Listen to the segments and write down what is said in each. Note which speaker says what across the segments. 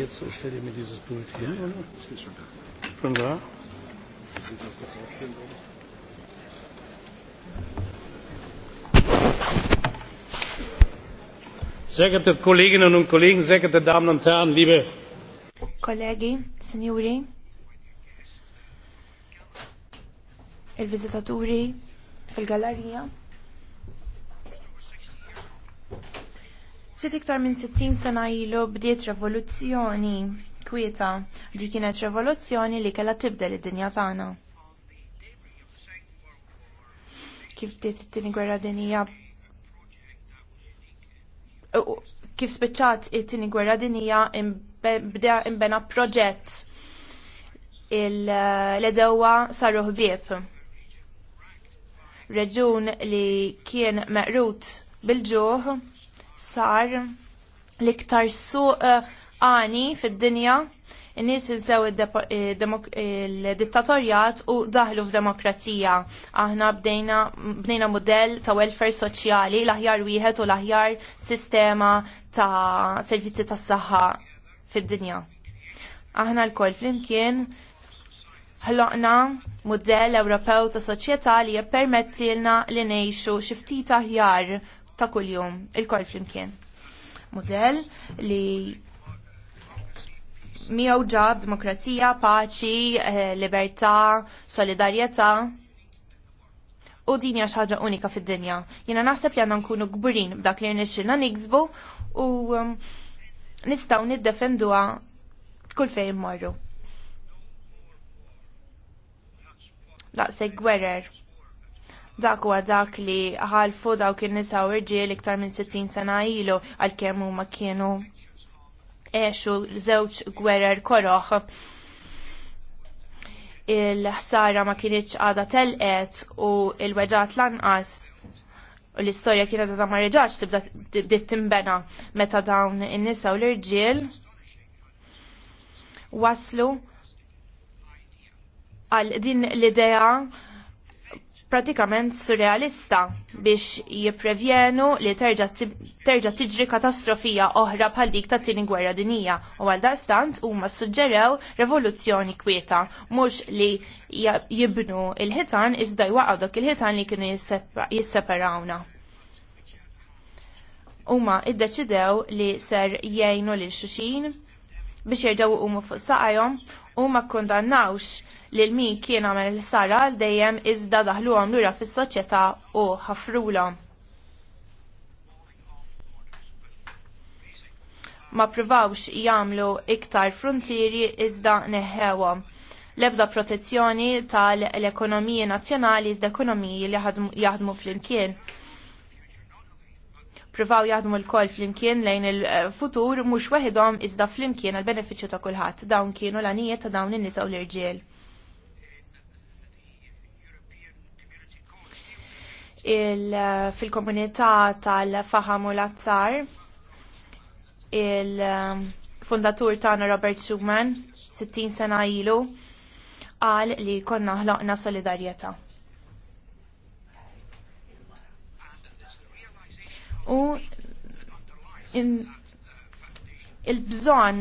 Speaker 1: jetzt, ich stelle mir dieses Bild hier. Ja, ja, das ist schon da. Schon da? Sehr geehrte Kolleginnen und Kollegen, sehr geehrte Damen und Herren, liebe Kollegi, Signori, il-vizitaturi fil Sitt iktar minn 60 sena ilu bdiet revoluzzjoni kwieta di kienet revoluzzjoni li kellha tibdel id-dinja tagħna. Kif bdiet it-tieni gwerra dinija kif spiċċat it-tieni gwerra dinija bdew imbena proġett eh, l-edewa saru ħbieb. Reġun li kien meqrut bil-ġuħ sar l-iktar suq eh, għani fid-dinja n-nis nies sew il-dittatorjat u daħlu f'demokrazija. Aħna bdejna, bdejna model ta' welfare soċjali, l-aħjar wieħed u l-aħjar sistema ta' servizzi tas saħħa fid-dinja. Aħna l-koll flimkien ħloqna model Ewropew ta' soċjetà li jippermettilna li nejxu xi ftit aħjar ta' kuljum il-kol flimkien. Model li miegħu ġab demokrazija, paċi, eh, libertà, solidarjetà. U din hija xi ħaġa unika fid-dinja. Jiena naħseb li għandna nkunu gburin b'dak li nixxilna niksbu u um, nistgħu niddefenduha kull fejn immorru. Daqshekk gwerer dak huwa dak li ħalfu dawk in-nisa u irġiel iktar minn 60 sena ilu għalkemm huma kienu għexu żewġ gwerer koroħ il-ħsara ma kienieċ għada telqet u il-weġat lanqas u l-istoria kienet għada ma reġax tibda timbena meta dawn in-nisa u l-irġiel waslu għal din l-idea pratikament surrealista biex jipprevjenu li terġa' tiġri katastrofija oħra bħal dik ta' tieni gwerra dinija u għal stant huma suġġerew revoluzzjoni kwieta mhux li jibnu il-ħitan iżda jwaqgħu dak il-ħitan li kienu jisseparawna. Huma ddeċidew li ser jgħinu lil xuxin biex jerġgħu u fuq saqajhom u ma kkundannawx lil min kien għamel il-sara għal dejjem iżda daħluhom lura fis-soċjetà u ħafrulhom. Ma ppruvawx jagħmlu iktar frontieri iżda neħħewhom l-ebda protezzjoni tal-ekonomiji nazzjonali iżda ekonomiji li jaħdmu fl-imkien jippruvaw jaħdmu l-koll flimkien lejn il-futur mhux waħedhom iżda flimkien għal benefiċċju ta' kulħadd. Dawn kienu l-għanijiet ta' dawn in-nisa u l-irġiel. fil-komunità tal-faham u l-azzar il-fundatur um, tagħna Robert Schumann 60 sena ilu qal li konna ħloqna solidarjetà. u il-bżon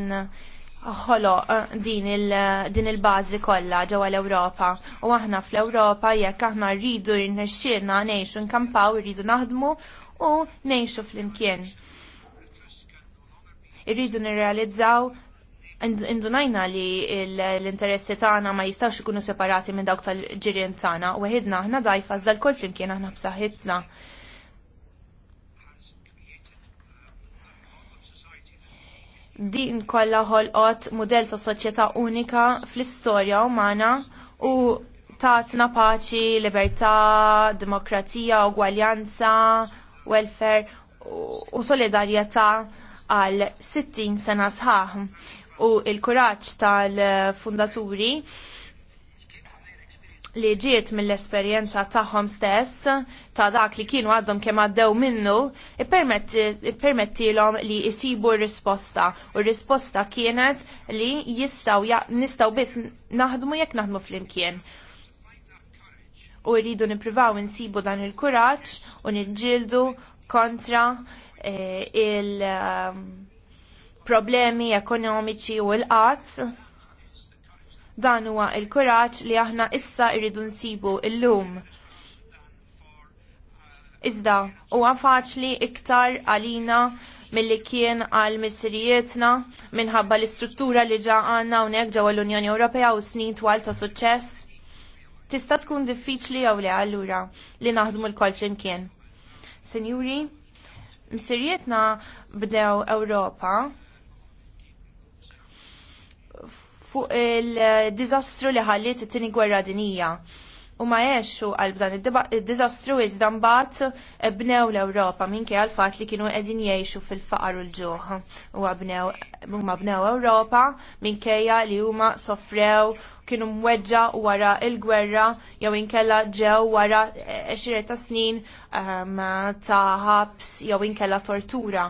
Speaker 1: ħolo eh, din il-bazi kollha ġewwa l-Ewropa. U aħna fl-Ewropa jekk aħna rridu nnexxielna ngħixu nkampaw irridu naħdmu u ngħixu flimkien. Irridu nirrealizzaw indunajna li l-interessi tagħna ma jistgħux ikunu separati minn dawk tal-ġirien tagħna u ħidna aħna dajfa dal-kol flimkien aħna b'saħħitna. din kollha ħolqot mudell ta' soċjetà unika fl-istorja umana u tatna paċi, libertà, demokrazija, ugwaljanza, welfare u solidarjetà għal 60 sena sħaħ u il-kuraġġ tal-fundaturi li ġiet mill-esperjenza tagħhom stess ta' dak li kienu għaddhom kemm għaddew minnu ippermettilhom li jisibu r-risposta. U r-risposta kienet li jistgħu nistgħu biss naħdmu jekk naħdmu flimkien. U rridu nipprivaw insibu dan il-kuraġġ u niġġieldu kontra eh, il- ehm, problemi ekonomiċi u l-qatt Dan huwa il-kuraġġ li aħna issa rridu nsibu illum. Iżda, huwa faċli iktar għalina milli kien għal missirijietna minħabba l-istruttura li ġa għanna unek ġewwa l-Unjoni Ewropea u snin twal ta' suċċess. Tista' tkun diffiċli jew le allura li naħdmu l-kol flimkien. Senjuri, missirietna bdew Ewropa fuq il-dizastru li ħalliet it-tieni gwerra dinija. U ma jesxu għal dan il-dizastru iżda mbagħad eh, bnew l-Ewropa minkej għal fatt li kienu qegħdin jgħixu fil-faqar u l-ġuħ. U bnew huma bnew Ewropa minkejja li huma sofrew kienu mweġġa wara il-gwerra jew inkella ġew wara 20 eh, ta' snin ehm, ta' ħabs jew inkella tortura.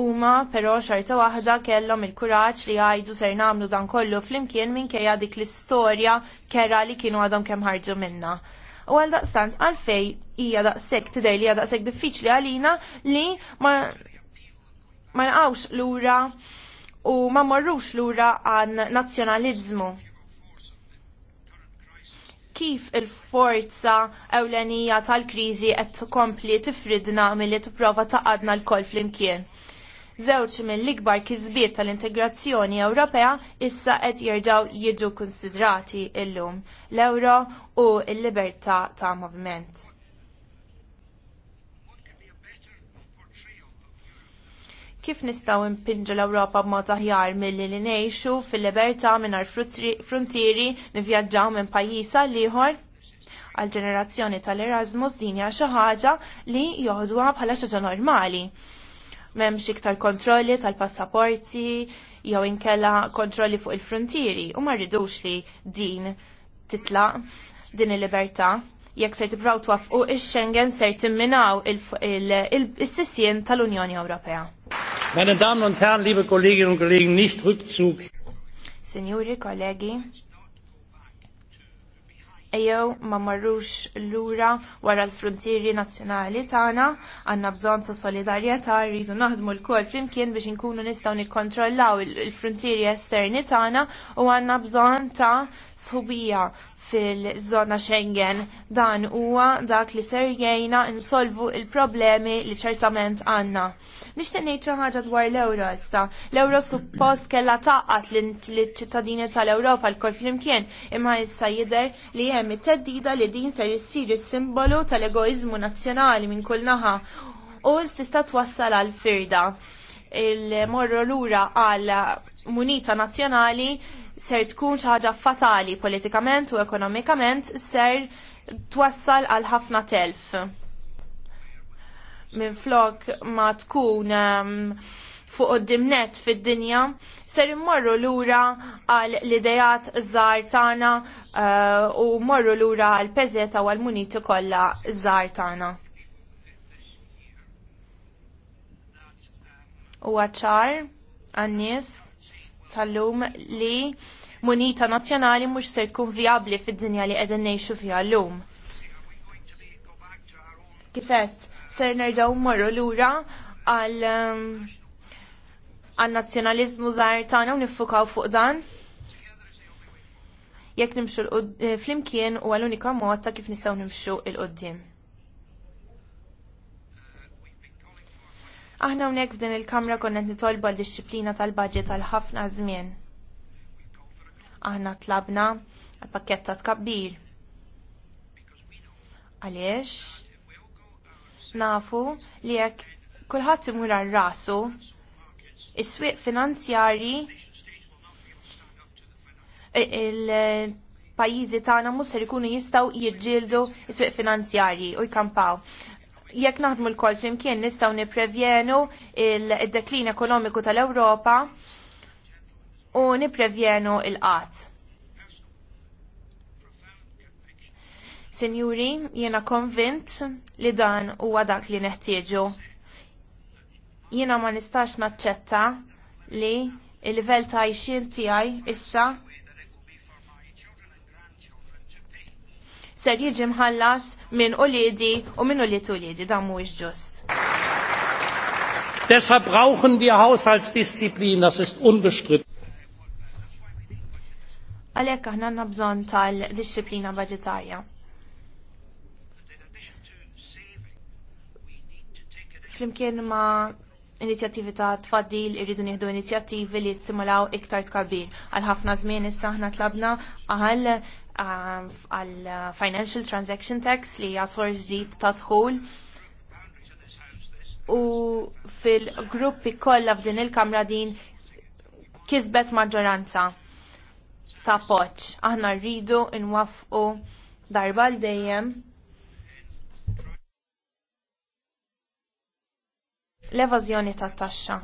Speaker 1: Huma però xorta waħda kellhom il-kuraġġ li għajdu ser nagħmlu dan kollu flimkien minkejja dik l-istorja kera li kienu għadhom kemm ħarġu minna. U għal daqstant għalfej hija daqshekk tidher li hija daqshekk diffiċli għalina li ma ma l lura u ma marrux lura għan nazzjonaliżmu. Kif il-forza ewlenija tal-kriżi qed tkompli tifridna milli tipprova taqadna l-kol flimkien Żewġ mill-ikbar kisbiet tal-integrazzjoni Ewropea issa qed jerġgħu jiġu konsidrati illum l-ewro u l-libertà ta' moviment. kif nistaw impinġu l-Ewropa b'mod aħjar milli li ngħixu fil-libertà mingħajr frontieri nivvjaġġaw minn pajjiż għal ieħor? Għal ġenerazzjoni tal-Erasmus din hija xi ħaġa li joħduha bħala ħaġa normali m'hemmx iktar kontrolli tal-passaporti jew inkella kontrolli fuq il-frontieri u ma rridux li din titlaq din il-libertà jekk ser tibraw twaffqu ix-Schengen ser timminaw il-sissien tal-Unjoni Ewropea. Meine Damen und Herren, liebe Kolleginnen und
Speaker 2: Kollegen, nicht Rückzug.
Speaker 1: Signori, kollegi, ejjew ma marrux lura wara l-frontieri nazzjonali tagħna, għandna bżonn ta' solidarjetà, rridu naħdmu lkoll flimkien biex inkunu nistgħu nikkontrollaw il-frontieri esterni tagħna u għandna bżonn ta' sħubija fil-żona Schengen. Dan huwa dak li ser jgħinna insolvu il-problemi li ċertament għandna. Nixtieq ngħid xi ħaġa dwar l-ewro issa. l euro suppost kellha taqqat l ċittadini tal-Ewropa l-kol flimkien imma issa jidher li hemm it-teddida li din ser issir is-simbolu tal egoizmu nazzjonali minn kull naħa u tista' twassal għal firda il-morru lura għal munita nazzjonali ser tkun xi ħaġa fatali politikament u ekonomikament ser twassal għal ħafna telf. Minn flok ma tkun um, fuq id-dimnet fid-dinja ser immorru lura għal l-idejat żgħar tagħna uh, u l lura għal peżeta u għal muniti kollha żgħar tagħna. U għacċar għan-nies tal-lum li munita nazzjonali mhux se tkun vijabbli fid-dinja li qegħdin ngħixu fiha llum. Kifet, ser nerġgħu mmorru lura għal um, għal nazzjonaliżmu żgħar tagħna u niffukaw fuq dan. Jekk nimxu l-qudd eh, flimkien u għal unika mod ta' kif nistgħu nimxu l qoddim Aħna hawnhekk f'din il-Kamra konna qed l-disciplina tal budget għal ħafna żmien. Aħna tlabna l pakkett ta' tkabbir. Għaliex nafu li jekk kulħadd imur għal rasu is-swieq finanzjarji il-pajjiżi tagħna mhux ser ikunu jistgħu jiġġieldu s-swieq finanzjarji u jkampaw jekk naħdmu l-kol flimkien nistaw niprevjenu il-deklin ekonomiku tal-Ewropa u niprevjenu il-qat. Senjuri, jiena konvint li dan huwa dak li neħtieġu. Jiena ma nistax naċċetta li il-livell ta' għajxin tiegħi issa ser jiġi mħallas minn uliedi u minn ulied uliedi, dan mhuwiex ġust. Deshalb brauchen wir Haushaltsdisziplin, das ist unbestritten. Għalhekk aħna għandna bżonn tal-disciplina budgetarja. Flimkien ma' inizjattivi ta' tfaddil irridu nieħdu inizjattivi li jistimulaw iktar tkabbir. Għal ħafna żmien issa aħna tlabna għal Um, għal uh, Financial Transaction Tax li hija sorġ ġdid ta' dħul u fil-gruppi kollha f'din il-Kamra din kisbet maġġoranza ta' poċ. Aħna rridu nwaffqu darba l dejjem l-evażjoni tat taxxa.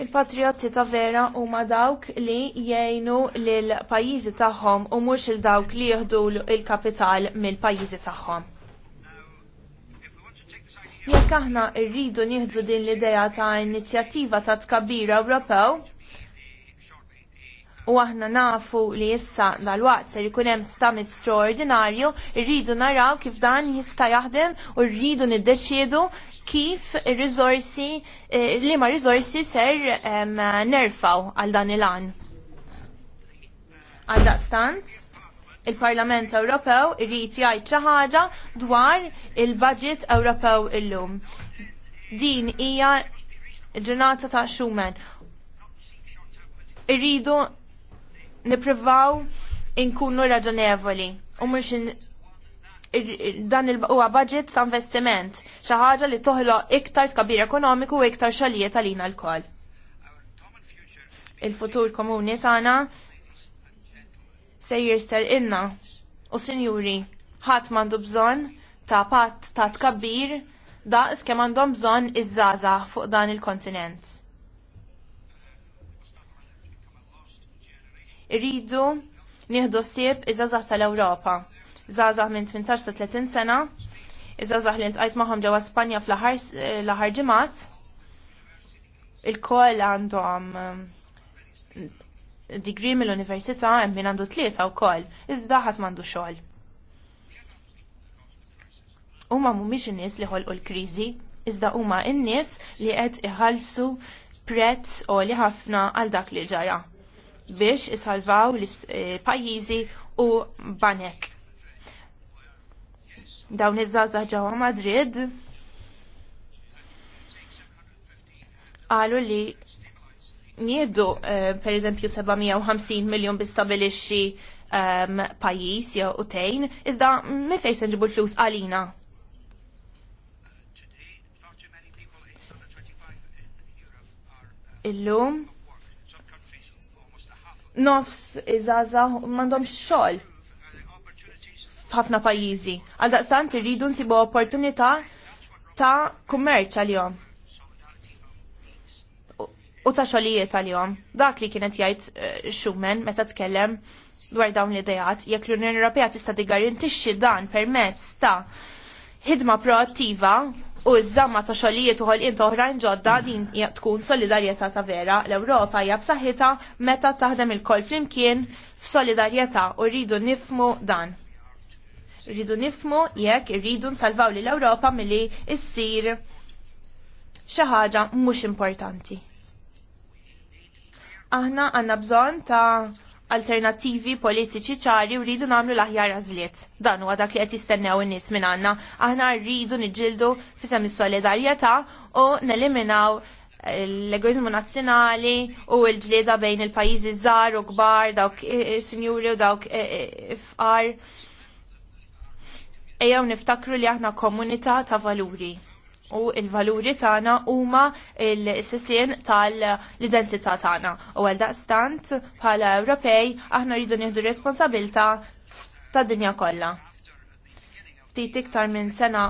Speaker 1: Il-patriotti ta' vera huma dawk li jgħinu lil pajjiżi tagħhom u mhux il dawk li jieħdu l-kapital mill-pajjiżi tagħhom. Jekk aħna rridu nieħdu din l-idea ta' inizjattiva ta' tkabbir Ewropew, u aħna nafu li issa dal-waqt ser ikun hemm stamit straordinarju, rridu naraw kif dan jista' jaħdem u rridu niddeċiedu kif ir rizorsi eh, li ma rizorsi ser nerfaw għal dan il-għan. Għal daqstant, il-Parlament Ewropew irrid jgħid xi ħaġa dwar il-budget Ewropew illum. Din hija ġurnata ta' Schumann. Irridu nippruvaw inkunu raġonevoli u mhux dan il-huwa budget ta' investiment, xi ħaġa li toħloq iktar tkabir ekonomiku u iktar xalijiet għalina l-koll. Il-futur komuni tagħna se jirster inna u sinjuri ħadd m'għandu bżonn ta' patt ta' tkabbir daqs kemm għandhom bżonn iż-żgħażagħ fuq dan il-kontinent. Irridu nieħdu ssieb iż-żgħażagħ tal-Ewropa zazah minn 18 sa 30 sena, zazah li li tqajt magħhom ġewwa Spanja fl-aħħar eh, ġimgħat. Il-koll għandhom um, degree mill-università hemm min għandu tlieta wkoll, iżda ħadd m'għandu xogħol. Huma mhumiex in-nies li ħolqu l-kriżi, iżda huma n-nies li qed iħallsu prezz li ħafna għal dak li ġara biex isalvaw l-pajjiżi eh, u banek dawn iż-żgħażagħ ġewwa Madrid qalu li nieħdu eh, pereżempju 750 miljon bi stabilixxi ehm, pajjiż jew utejn, iżda mifejn se nġibu l-flus għalina. Illum nofs iżaza m'għandhomx xogħol f'ħafna pajjiżi. Għal daqstant irridu nsibu opportunità ta' kummerċ għal-jom. U ta' xogħlijiet għal-jom. Dak li kienet jgħid xumen eh, meta tkellem dwar dawn l-idejat, jekk l-Unjoni Ewropea tista' tigarantixxi dan permezz ta' ħidma proattiva u ż-żamma ta' xogħlijiet uħol inta oħrajn ġodda din tkun solidarjetà ta' vera. L-Ewropa hija b'saħħitha meta taħdem il-kol flimkien f'solidarjetà u rridu nifmu dan. Rridu nifmu jekk irridu nsalvaw li l-Ewropa milli issir xi ħaġa mhux importanti. Aħna għandna bżonn ta' alternativi politiċi ċari u rridu nagħmlu l-aħjar għażliet. Dan huwa dak li qed jistennew in-nies minn għandna. Aħna rridu niġġieldu fisem is-solidarjetà u neliminaw l-egoizmu nazzjonali u l-ġlieda bejn il-pajjiżi żgħar u kbar, dawk eh, eh, sinjuri u dawk eh, fqar ejjew niftakru li aħna komunità ta' valuri u il-valuri tagħna huma l-sissien tal-identità tagħna. U għal daqstant bħala Ewropej aħna rridu nieħdu responsabilità tad-dinja kollha. Ftit iktar minn sena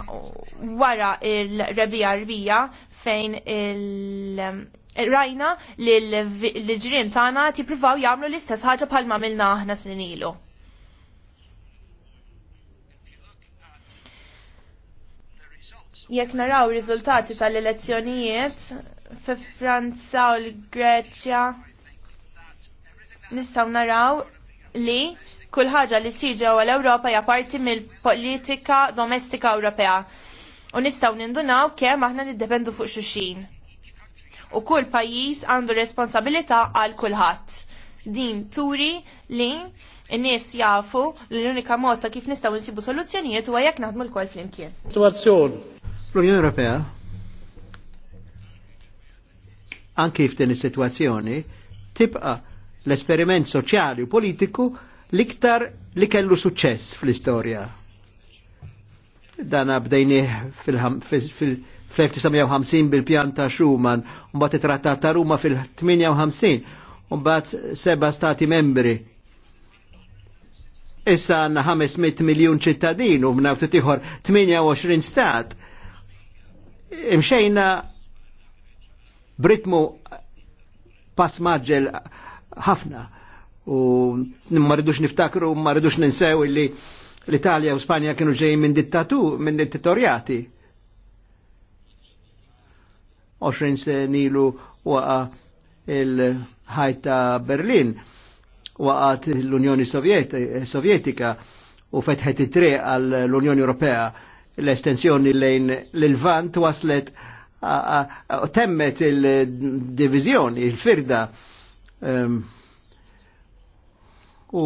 Speaker 1: wara il-rebija rbija fejn il- rajna li l ġrien tagħna tippruvaw jagħmlu l-istess ħaġa bħalma milna aħna snin ilu jekk naraw riżultati tal-elezzjonijiet fi Franza u l-Greċja nistgħu naraw li kull ħaġa li ssir ġewwa l-Ewropa hija parti mill-politika domestika Ewropea. U nistgħu nindunaw kemm aħna niddependu fuq xulxin. U kull pajjiż għandu responsabilità għal kulħadd. Din turi li n-nies jafu li l-unika mod ta' kif nistgħu nsibu soluzzjonijiet huwa jekk naħdmu l-kol flimkien.
Speaker 3: Situazzjoni L-Unjoni Ewropea anki f'din is-sitwazzjoni tibqa' l-esperiment soċjali u politiku liktar li kellu suċċess fl-istorja. Dan bdejnieh fil-1950 bil-pjan ta' Schumann, mbagħad it-Trattat ta' Ruma fil-58, mbagħad seba' stati membri. Issa għandna 500 miljun ċittadin u mnawtu tieħor 28 stat imxejna britmu pass maġġel ħafna u ma rridux niftakru ma rridux ninsew illi l-Italja u Spanja kienu ġej minn dittatu, minn dittatorjati. 20 sen ilu waqa il-ħajta Berlin waqat l-Unjoni Sovjetika u fetħet it-triq għall-Unjoni Ewropea l-estensjoni lejn l-Vant waslet temmet il-divizjoni, il-firda. Ehm, u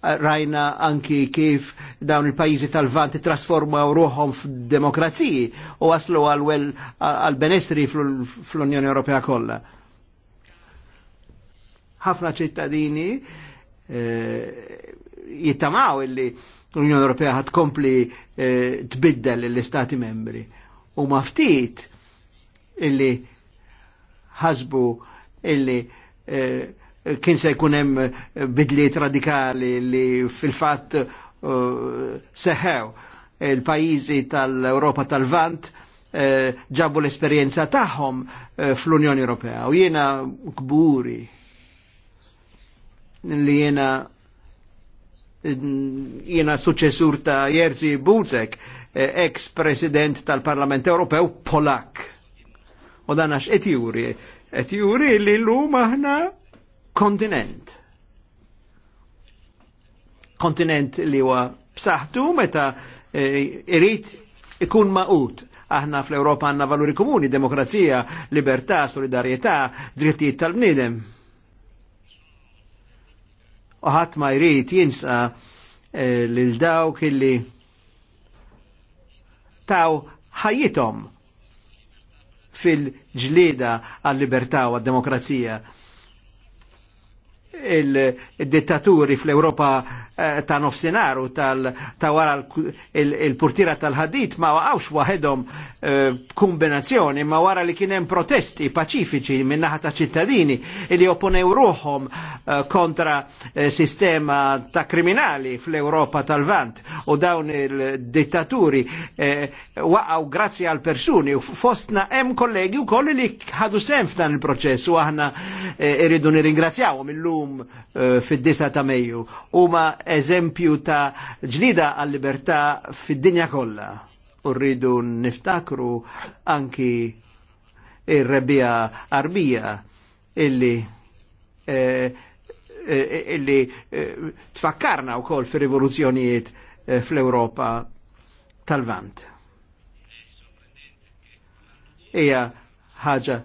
Speaker 3: rajna anki kif dawn il-pajizi tal-vant trasformaw ruħom f'demokraziji u waslu għal-benestri fl-Unjoni Ewropea kollha. ħafna ċittadini eh, jittamaw illi l-Unjoni Ewropea ħad kompli eh, tbiddel l-Istati membri. U maftit illi ħasbu illi eh, kien se jkun hemm eh, bidliet radikali li fil-fatt uh, seħew il-pajjiżi tal-Ewropa tal-Vant ġabu l-esperjenza tagħhom fl-Unjoni Ewropea u jiena kburi li jiena jiena suċessur ta' Jerzy Buzek, e, ex-president tal-Parlament Ewropew Polak. U dan għax etjuri, etjuri qed juri li llum aħna kontinent. Kontinent li huwa b'saħħtu meta e, irid ikun maqut. Aħna fl-Ewropa għandna valuri komuni, demokrazija, libertà, solidarietà, drittijiet tal-bniedem u ħadd ma jrid jinsa eh, lil dawk illi taw ħajjithom fil-ġlieda għal-libertà u għad-demokrazija il-dittaturi fl-Europa Eh, ta' nofsinaru tal ta' wara il-portira tal-ħadit ma waqgħux waħedhom eh, kombinazzjoni ma wara li kien hemm protesti paċifiċi minn naħa ta' ċittadini li opponew ruhom eh, kontra sistema ta' kriminali fl-Ewropa tal-Vant u dawn il-dittaturi waqgħu grazzi għal persuni u fostna hemm kollegi wkoll li ħadu sem f'dan il-proċess u aħna irridu nirringrazzjawhom illum fid-disa ta' Mejju. Huma eżempju ta' ġlida għall-libertà fid-dinja kollha. U rridu niftakru anki ir-rebija arbija illi eh, eh, illi eh, tfakkarna wkoll fir-rivoluzzjonijiet eh, fl-Ewropa tal-Vant. Ija ħaġa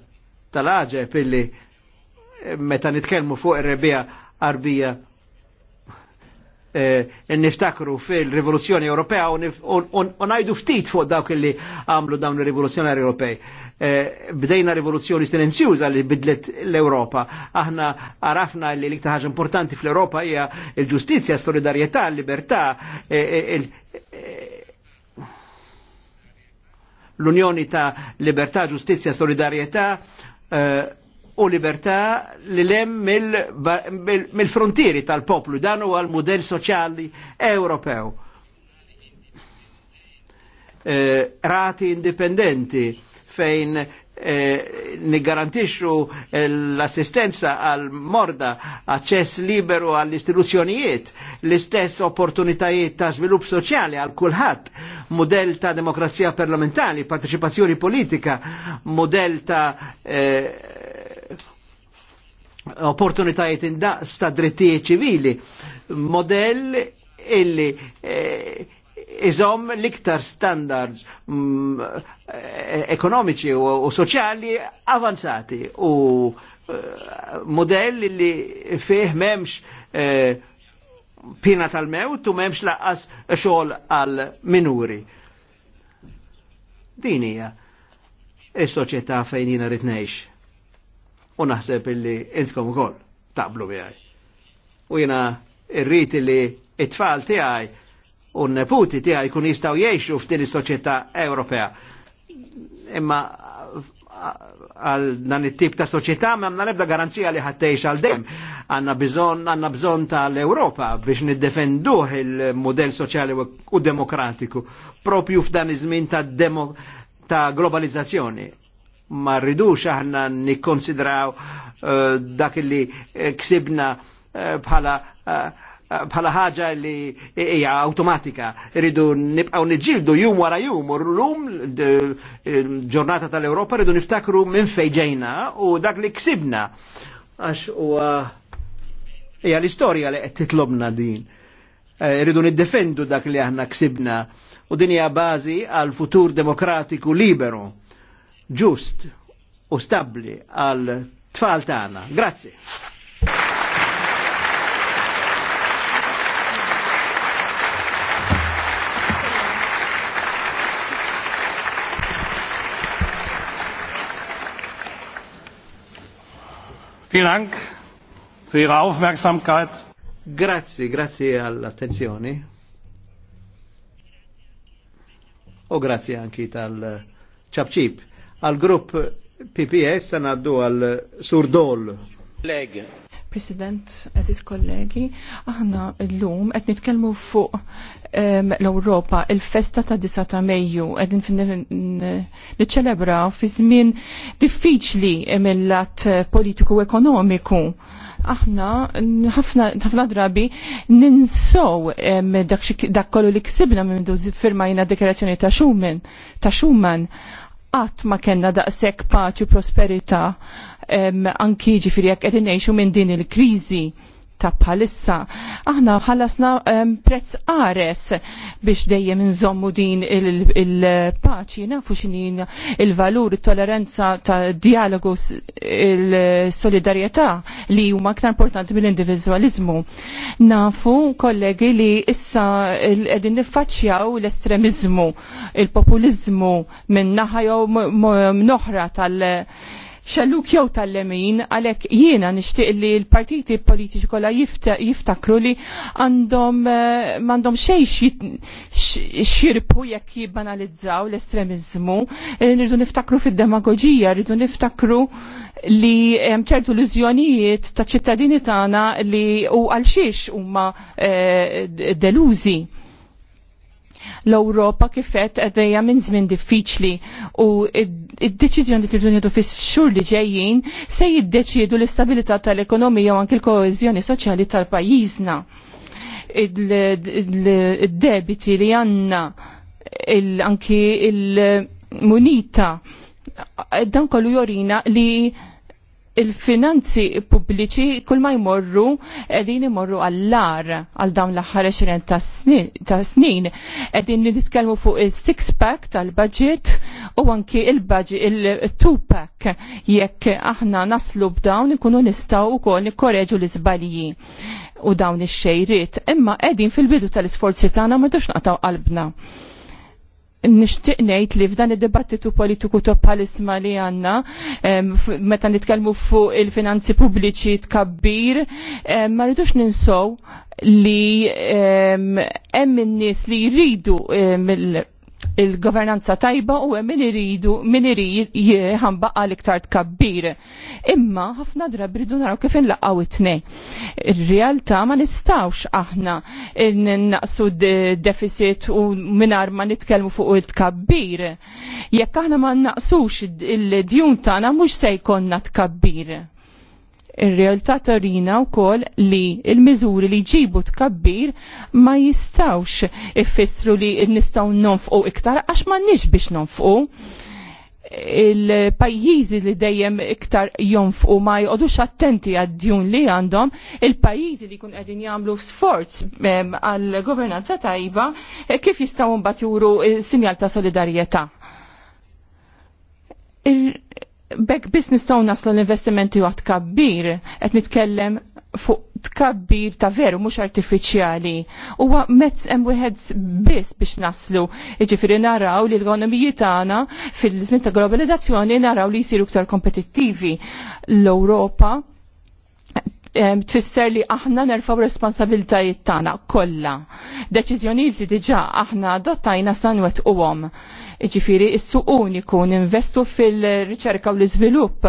Speaker 3: tal-ħaġeb illi meta nitkellmu fuq ir-rebija arbija Eh, niftakru fil-rivoluzzjoni Ewropea u najdu ftit fuq dawk li għamlu dawn il-rivoluzjonari Ewropej. Eh, bdejna rivoluzzjoni silenzjuża li bidlet l-Ewropa. Aħna arafna li l-iktar ħaġa importanti fl-Ewropa hija il-ġustizja, solidarjetà, l-libertà, eh, l-Unjoni ta' Libertà, Ġustizja, Solidarjetà u libertà li lem mill-frontieri tal-poplu, dan u għal-model soċjali Ewropew. Eh, rati indipendenti fejn eh, ni nigarantixxu l-assistenza għal morda aċċess liberu għall istituzzjonijiet l-istess opportunitajiet ta' svilup soċjali għal kulħadd model ta' demokrazija parlamentari, partecipazzjoni politika, model ta' eh, opportunitajiet indaqs ta' drittijiet ċivili, modell illi eh, iżom l-iktar standards mm, eh, ekonomiċi u, u soċjali avanzati u eh, modell li fih memx eh, pina tal-mewt u memx laqqas xogħol għal minuri. Din hija soċieta fejnina fejn u naħseb illi intkom ukoll taqblu miegħi. U jiena rrid li it-tfal tiegħi u n-neputi tiegħi jkun jistgħu jgħixu f'din is-soċjetà Ewropea. Imma għal dan it-tip ta' soċjetà m'għandna l garanzija li ħattejx għal dem. Għandna bżonn għandna bżonn tal-Ewropa biex niddefenduh il-modell soċjali u demokratiku propju f'dan iż-żmien ta' ta' globalizzazzjoni ma rridux aħna nikkonsidraw eh, dak li eh, ksibna eh, bħala bħala ħaġa li hija automatika, rridu nibqgħu niġġieldu jum wara jum u llum ġurnata tal-Ewropa rridu niftakru minn fejġejna u dak li ksibna. Għax huwa hija l-istorja li qed titlobna din. Rridu niddefendu dak li aħna ksibna u din hija bażi għal futur demokratiku liberu ġust u stabli għal tfal tagħna. Grazzi.
Speaker 1: Vielen Dank für Ihre Aufmerksamkeit.
Speaker 3: Grazie, grazie all'attenzione. O grazie anche tal ċabċib. Għal grupp PPS sanaddu għal Surdol. Leg.
Speaker 2: President, eżis kollegi, aħna l-lum qed nitkellmu fuq ehm, l-Ewropa il-festa ta' 9 ta' Mejju qed niċċelebra fi żmien diffiċli mill-lat politiku ekonomiku. Aħna ħafna drabi ninsow ehm, dak kollu li ksibna minn firma jina dekorazzjoni ta' Schumann qatt ma kellna daqshekk paċi u prosperità anki ġifieri jekk qed ngħixu minn din il-kriżi ta' palissa. Aħna ħallasna prezz ares biex dejjem nżommu din il-paċi, nafu xinin il-valur, il-toleranza ta' dialogu, il-solidarieta li huma aktar importanti mill-individualizmu. Nafu, kollegi, li issa qegħdin niffaċċjaw l-estremizmu, il-populizmu minn naħa jew noħra tal- xalluk jew tal-lemin għalhekk jiena nixtieq li l-partiti politiċi kollha jiftakru li għandhom eh, mandom xej xirbħu jekk jibbanalizzaw l-estremiżmu, eh, rridu niftakru fid-demagoġija, rridu niftakru li hemm ċertu illużjonijiet ta' ċittadini tagħna li u għal xiex huma eh, delużi L-Ewropa kifet għaddejja minn żmien diffiċli u id-deċiżjoni li jridu fis xhur li ġejjin se jiddeċiedu l-istabilità tal-ekonomija u anki l-koeżjoni soċjali tal-pajjiżna. Id-debiti li għandna anki il-munita dan kollu jorina li il-finanzi pubbliċi kull ma jmorru edin imorru għallar għal dawn l-aħħar 20 ta' snin edin nitkellmu fuq il-six pack tal-budget u anki il-budget il-two pack jekk aħna naslu b'dawn ikunu nistaw kol nikkoreġu l-iżbalji u dawn ix-xejriet imma edin fil-bidu tal-isforzi tagħna ma tux naqtaw qalbna nishtiq ngħid li f'dan id-dibattitu politiku toppalisma li għandna meta nitkellmu fuq il-finanzi pubbliċi tkabbir ma rridux ninsow li hemm in-nies li jridu il-governanza tajba u min iridu min irid baqa l-iktar tkabbir. Imma ħafna drab ridu naraw kif inlaqgħu it-tnej. Ir-realtà ma nistawx aħna naqsu deficit u minar ma nitkellmu fuq il-tkabbir. Jekk aħna ma naqsux il-djun tagħna mhux se jkollna tkabbir Ir-realtà tarina wkoll li l-miżuri li jġibu tkabbir ma jistawx ifissru li nistgħu nonfqu iktar għax m'għandniex biex nonfqu il-pajjiżi li dejjem iktar jonfqu ma jqodux attenti għad-djun li għandhom, il-pajjiżi li kun qegħdin jagħmlu sforz għall-governanza tajba, kif jistgħu mbagħad juru sinjal ta' solidarjetà bekk business ta' naslu l-investimenti għat kabbir, għet nitkellem fuq tkabbir ta' veru, mux artificiali. U mezz wieħed bis biex naslu. Iġifiri naraw li l-ekonomiji tagħna fil-żmien ta' globalizzazzjoni naraw li jisiru ktar kompetittivi. L-Ewropa tfisser li aħna nerfaw responsabiltajiet tagħna kollha. Deċiżjonijiet li diġà aħna adottajna sanwet uhom. Ġifiri, is-suq uniku investu fil-riċerka u l-iżvilupp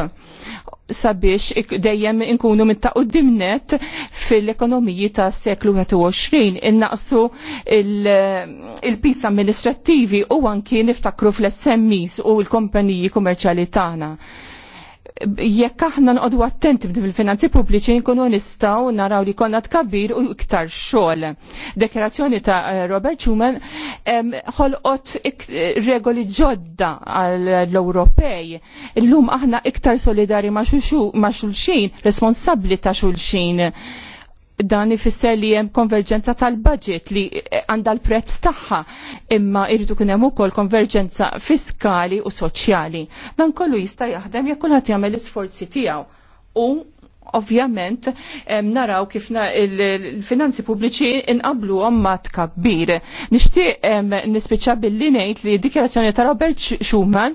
Speaker 2: sabiex dejjem inkunu minn ta' dimnet fil-ekonomiji ta' seklu 21 innaqsu il-pis il amministrattivi u anki niftakru fl-SMEs u l-kompaniji kummerċali tagħna jekk aħna nqodu attenti fil-finanzi pubbliċi nkunu nistgħu naraw li konna tkabbir u iktar xogħol. Dekorazzjoni ta' Robert Schuman ħolqot regoli ġodda għall-Ewropej. Illum aħna iktar solidari ma' xulxin, responsabbli ta' xulxin dan ifisser li hemm konverġenza tal-budget li għandha l-prezz tagħha, imma jridu kien hemm ukoll konverġenza fiskali u soċjali. Dan kollu jista' jaħdem jekk kulħadd jagħmel l-isforzi tiegħu. U ovvjament naraw kif il-finanzi pubbliċi inqablu għammat kabbir. Nixtieq nispiċċa billi ngħid li d dikjarazzjoni ta' Robert Schumann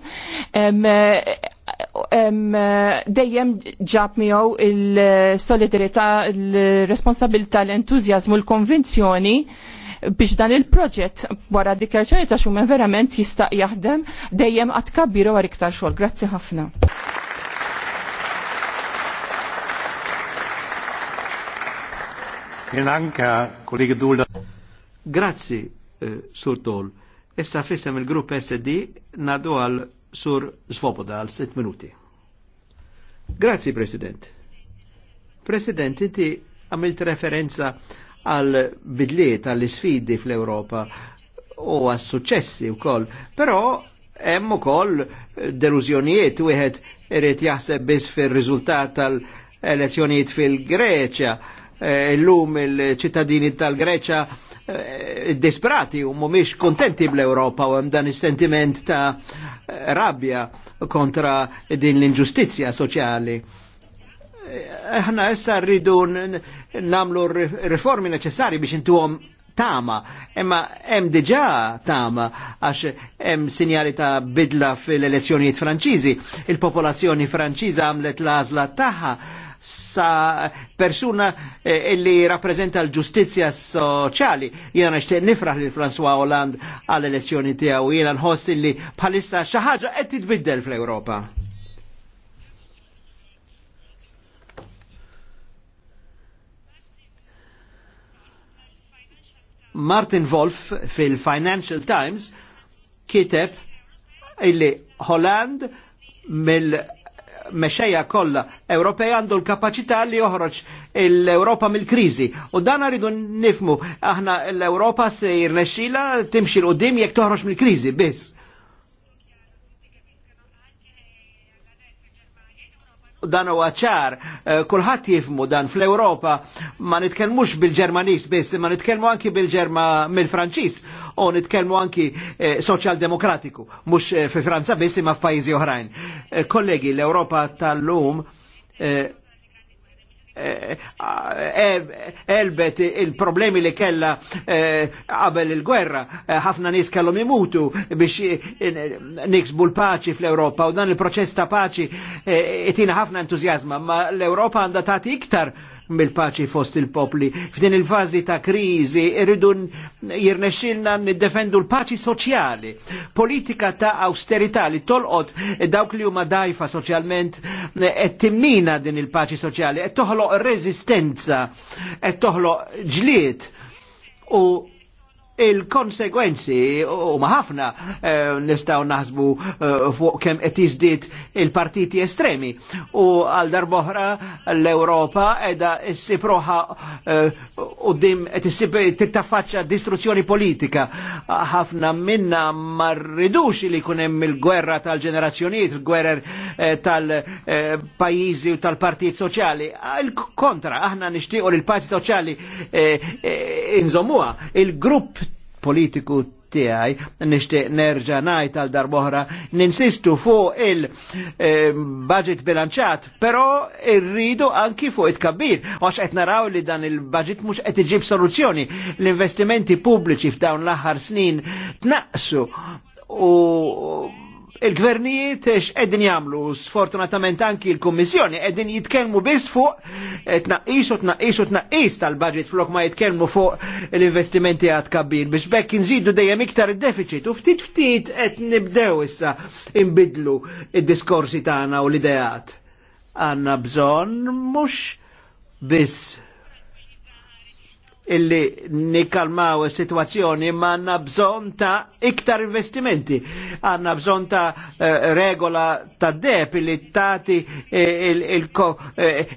Speaker 2: dejjem ġab miegħu il-solidarità, il-responsabilità, l-entużjażmu, l-konvinzjoni biex dan il-proġett wara dikjarċjoni ta' xumen verament jista' jaħdem dejjem għad kabbiru għar iktar xogħol. Grazzi ħafna.
Speaker 3: Grazzi, eh, Sur Dol. Issa fissem il-grupp SD nadu għal Sur Svoboda għal 6 minuti. Grazzi, President. President, inti għamilt referenza għal bidliet, għal sfidi fl-Europa u għal successi u koll, pero hemm ukoll derużjonijiet wieħed irid jaħseb biss fir-riżultat tal-elezzjonijiet fil-Greċja. E, illum il-ċittadini tal-Greċja e, disprati u mumiex kontenti bl-Ewropa u hemm dan is-sentiment ta' rabja kontra din l-inġustizja soċjali aħna issa rridu namlu riformi neċessari biex intuhom tama, imma hemm diġà tama għax hemm sinjali ta' bidla fil-elezzjonijiet Franċiżi. Il-popolazzjoni Franċiża għamlet l-għażla tagħha sa persuna eh, illi rappresenta l-ġustizja soċjali. Jena nishtiq nifraħ li François Hollande għall-elezzjoni tiegħu jiena nħoss illi bħalissa xi ħaġa qed titbiddel fl-Ewropa. Martin Wolf fil-Financial Times kiteb illi Holland mill mexeja kollha Ewropej għandu l-kapaċità li joħroġ l-Ewropa mill-kriżi. U dan rridu nifmu aħna l-Ewropa se jirnexxila timxi l-qudiem jekk toħroġ mill-kriżi biss. dan huwa ċar, eh, kulħadd jifmu dan fl europa ma nitkellmux bil-Ġermaniż biss, ma nitkellmu anki bil-Ġerma mill-Franċiż u nitkellmu anki eh, soċjal-demokratiku, mhux eh, fi Franza biss imma f'pajjiżi oħrajn. Kollegi, l-Ewropa tal-lum Eh, eh, elbet il-problemi li kella eh, qabel il-gwerra. ħafna nis kellhom imutu biex niksbu l-paċi fl-Europa u dan il-proċess ta' paċi itina ħafna entuzjazma, ma l-Europa għanda tagħti iktar mill-paċi fost il-popli. F'din il-fazli ta' krizi irridu jirnexxilna niddefendu l-paċi soċjali. Politika ta' austerità li tolqot dawk li huma dajfa soċjalment qed timmina din il-paċi soċjali, qed toħloq reżistenza, qed toħloq ġlied u il-konsegwenzi u maħafna eh, nistaw naħsbu eh, fuq kem etizdit il-partiti estremi u għal darboħra l europa edha s-siproħa eh, u dim t tittafaċċa distruzzjoni politika. Ħafna minna marridux li kunem il-gwerra tal ġenerazzjoniet il-gwerra tal pajizi u tal-partit soċjali. Il-kontra, aħna nishtiqo li l-partit soċjali inżommuha. Il-grupp politiku tiegħi nixtieq nerġa' ngħid għal darbohra ninsistu fuq il-budget eh, bilanċat, però rridu anki fuq it-kabbir, għax qed naraw li dan il-budget mhux qed iġib soluzzjoni. L-investimenti pubbliċi f'dawn l-aħħar snin tnaqsu u il-gvernijiet x'qegħdin jagħmlu sfortunatament anki l-Kummissjoni qegħdin jitkellmu biss fuq tnaqis u tnaqis u tnaqqis tal-budget flok ma jitkellmu fuq l-investimenti għad kabir, biex bekk nżidu dejjem iktar il deficit u ftit ftit qed nibdew issa imbidlu id-diskorsi tagħna u l-ideat. Għanna bżonn mhux biss illi nikalmaw is ma għanna bżon ta' iktar investimenti. Għanna bżon ta' eh, regola ta' deb illi tati il-disciplina eh,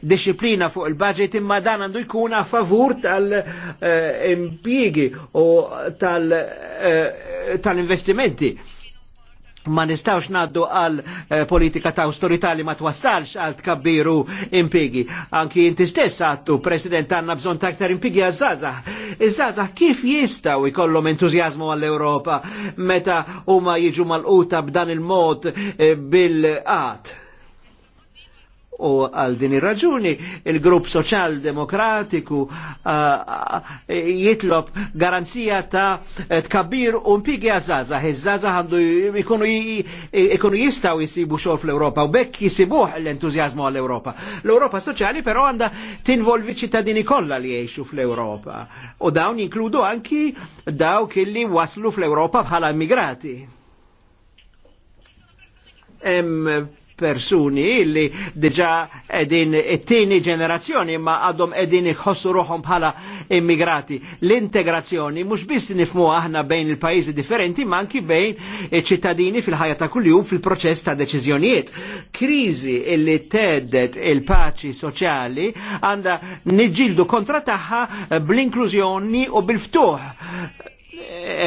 Speaker 3: il eh, fuq il-budget imma dan għandu jkun a favur tal impiegi u tal-investimenti. Tal ma nistawx naddu għal eh, politika ta' austerità li ma twassalx għal tkabbiru impigi. Anki inti stess għattu, President, għanna bżon ta' aktar impigi għazzazah. iż kif jistaw ikollom entużjażmu għall-Europa meta huma jiġu mal-quta b'dan il-mod eh, bil-qat? u għal din ir-raġuni il-grupp soċjal-demokratiku uh, jitlob garanzija ta' tkabbir u mpigi għazzaza, iż għandu ikunu jistaw jisibu xor fl-Europa u bekk jisibuħ l-entuzjazmu għall-Europa. L-Europa soċjali però għanda tinvolvi ċittadini kollha li jiexu fl-Europa u dawn jinkludu anki daw illi waslu fl-Europa bħala immigrati persuni illi diġa edin it-tieni ġenerazzjoni ma għadhom edin iħossu ruħom bħala immigrati. L-integrazzjoni mhux biss nifmu aħna bejn il-pajjiżi differenti ma anki bejn iċ-ċittadini fil-ħajja ta' kuljum fil-proċess ta' deċiżjonijiet. Kriżi illi tedet il-paċi soċjali għandha niġġildu kontra tagħha bl-inklużjoni u bil-ftuħ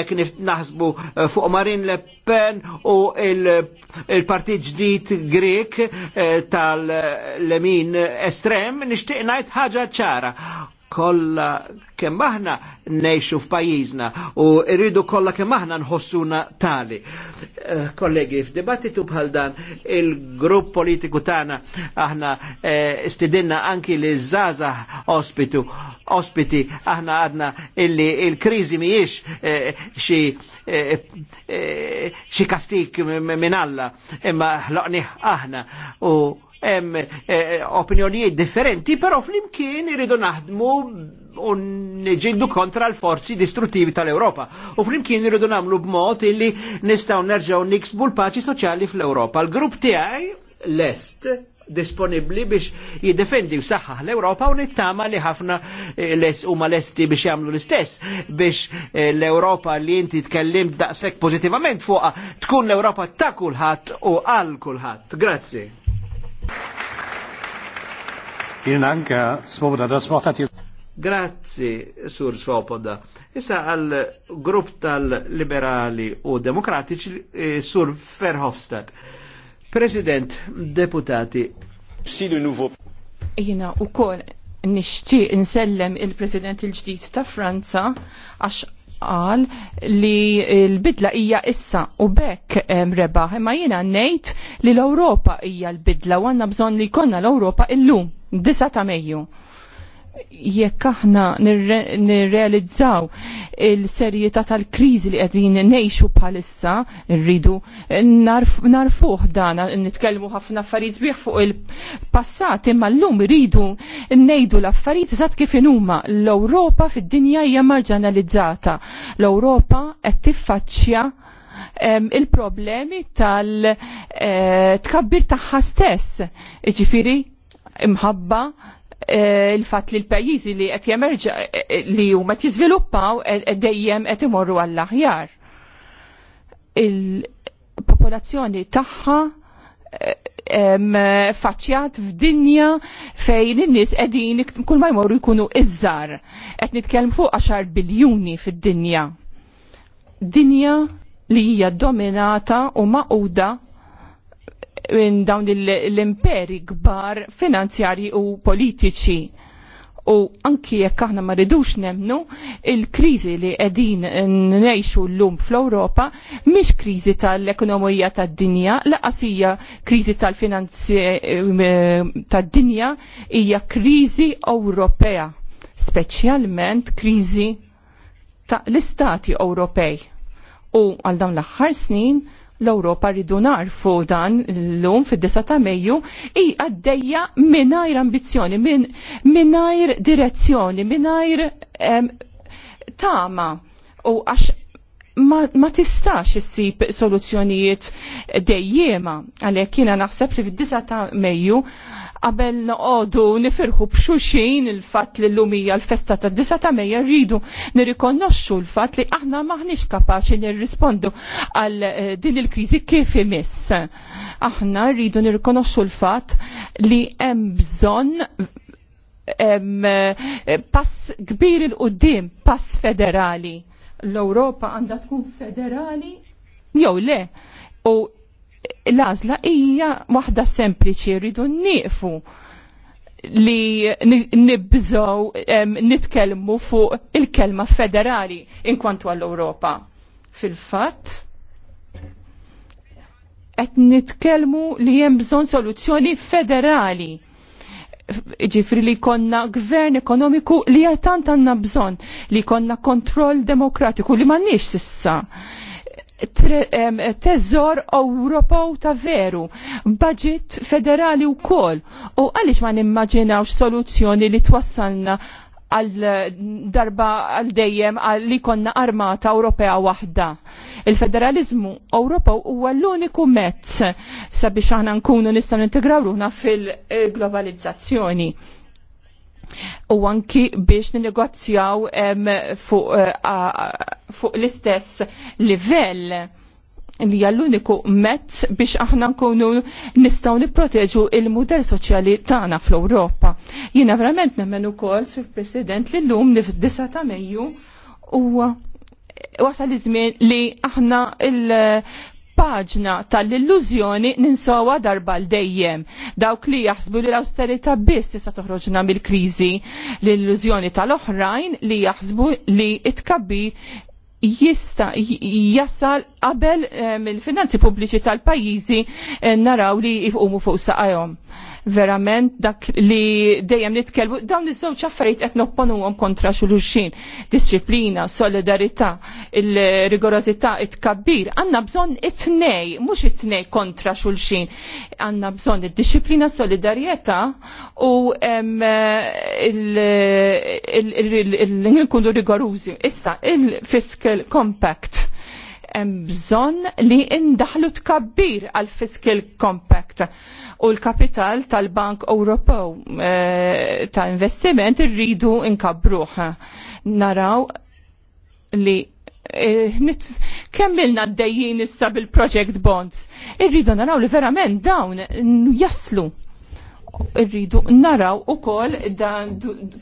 Speaker 3: ek naħsbu eh, fuq Marin Le Pen u il-partit ġdid Grek eh, tal-lemin estrem nixtieq ngħid ħaġa ċara kolla kem maħna nejxu f'pajizna u rridu kolla kem maħna nħossuna tali. Eh, kollegi, f'debattitu bħal dan il-grupp politiku tana aħna eh, istidinna anki li zaza ospitu ospiti aħna għadna illi il krizi mhijiex eh, xie kastik minn Alla imma ħloqni aħna u hemm eh, opinjonijiet differenti, però flimkien iridu naħdmu u kontra l-forzi distruttivi tal-Europa. U flimkien iridu namlu b'mod illi nistaw nerġaw niksbu l-paċi soċjali fl-Europa. L-grupp tiegħi l-est disponibli biex jiddefendi saħħaħ l-Europa u nittama li ħafna eh, les u malesti biex jagħmlu l-istess biex eh, l-Europa li inti tkellim daqshekk pozitivament fuqha tkun l-Europa ta' kulħadd u għal kulħat. Grazzi. Grazzi, Sur Svoboda. Issa għal grupp tal-liberali u demokratiċi, eh, Sur Ferhofstadt. President, deputati.
Speaker 2: Sidu nuvo. Jina u kol nishti nsellem il-President il ġdijt ta' Franza għax qal li l-bidla hija issa u bekk rebaħ, imma jiena ngħid li l-Ewropa hija l-bidla u għandna bżonn li jkollna l-Ewropa illum, disa ta' Mejju jekk aħna nirrealizzaw il-serjetà tal-kriżi li qegħdin ngħixu bħalissa rridu narfuh dan nitkellmu ħafna affarijiet sbieħ fuq il-passat imma llum rridu ngħidu l-affarijiet eżatt kif huma l-Ewropa fid-dinja hija marġanalizzata. L-Ewropa qed tiffaċċja ehm, il-problemi tal-tkabbir eh, tagħha stess. Ġifieri imħabba Eh, il-fat li l-pajjiżi li qed jemerġa eh, li huma qed jiżviluppaw e- e dejjem qed imorru għall-aħjar. Il-popolazzjoni tagħha eh, faċċjat f'dinja fejn in-nies qegħdin kull ma jmorru jkunu iżżar. Qed nitkellem fuq 10 biljuni fid-dinja. Dinja li hija dominata u maquda minn dawn l-imperi kbar finanzjarji u politiċi. U anki jekk aħna ma ridux nemnu, il-kriżi li qegħdin l llum fl-Ewropa mhix kriżi tal-ekonomija tad-dinja, laqas hija kriżi tal-finanzi eh, tad-dinja hija kriżi Ewropea, speċjalment kriżi ta' l-istati Ewropej. U għal dawn l-aħħar snin l-Europa rridu narfu dan l-lum fid disa ta' Mejju i għaddejja mingħajr ambizzjoni, mingħajr direzzjoni, mingħajr tama u għax ma, ma tistax issib soluzzjonijiet dejjema għalhekk jiena naħseb li fid disa ta' Mejju qabel noqogħdu nifirħu b'xuxin il-fatt li l-lumija l-festa ta' disa ta' Mejja rridu nirrikonnoxxu l-fatt li aħna maħniex kapaċi nirrispondu għal eh, din il-kriżi kif imiss. Aħna rridu nirrikonoxxu l-fatt li hemm bżonn eh, pass kbir il qudiem pass federali. l ewropa għandha tkun federali? Jew le. U l-għażla hija waħda sempliċi rridu n-niqfu li nibżaw nitkellmu fuq il-kelma federali inkwantu għall-Ewropa. Fil-fatt, qed nitkellmu li hemm bżonn soluzzjoni federali ġifri li konna gvern ekonomiku li jatant għanna bżon, li konna kontroll demokratiku li nix sissa teżor Ewropew ta' veru, budget federali wkoll. U għaliex ma nimmaġinawx soluzzjoni li twassalna għal darba għal dejjem għal li konna armata Ewropea waħda. Il-federalizmu Ewropew huwa l-uniku mezz sabiex aħna nkunu nistgħu integraw fil-globalizzazzjoni u anki biex ninegozjaw eh, fuq l-istess livell li hija l-uniku mezz biex aħna nkunu nistgħu nipproteġu il-mudell soċjali tagħna fl-Ewropa. Jiena verament nemmen ukoll sur President li llum nif-9 ta' Mejju u wasal iż-żmien li aħna paġna tal-illużjoni ninsawa darba l-dejjem. Dawk li jaħsbu li l-austerita biss tista' toħroġna mill-kriżi l-illużjoni tal-oħrajn li jaħsbu li tkabbi jista jassal qabel eh, mill-finanzi pubbliċi tal-pajjiżi eh, naraw li jifqumu fuq saqajhom verament dak li dejjem nitkellmu dawn iż-żewġ affarijiet qed nopponuhom kontra xulxin. Disċiplina, solidarità, il-rigorozità, it-kabbir, għandna bżonn it-tnej, mhux it-tnej kontra xulxin. Għandna bżonn id-disċiplina, solidarjetà u nkunu rigorużi. Issa, il-fiscal compact hemm bżonn li indaħlu tkabbir għal Fiscal Compact u l-kapital tal-Bank Ewropew eh, tal ta' investiment irridu nkabbruh. Naraw li eh, kemmilna d-dejjin issa bil-project bonds. Irridu naraw li verament dawn jaslu irridu naraw u kol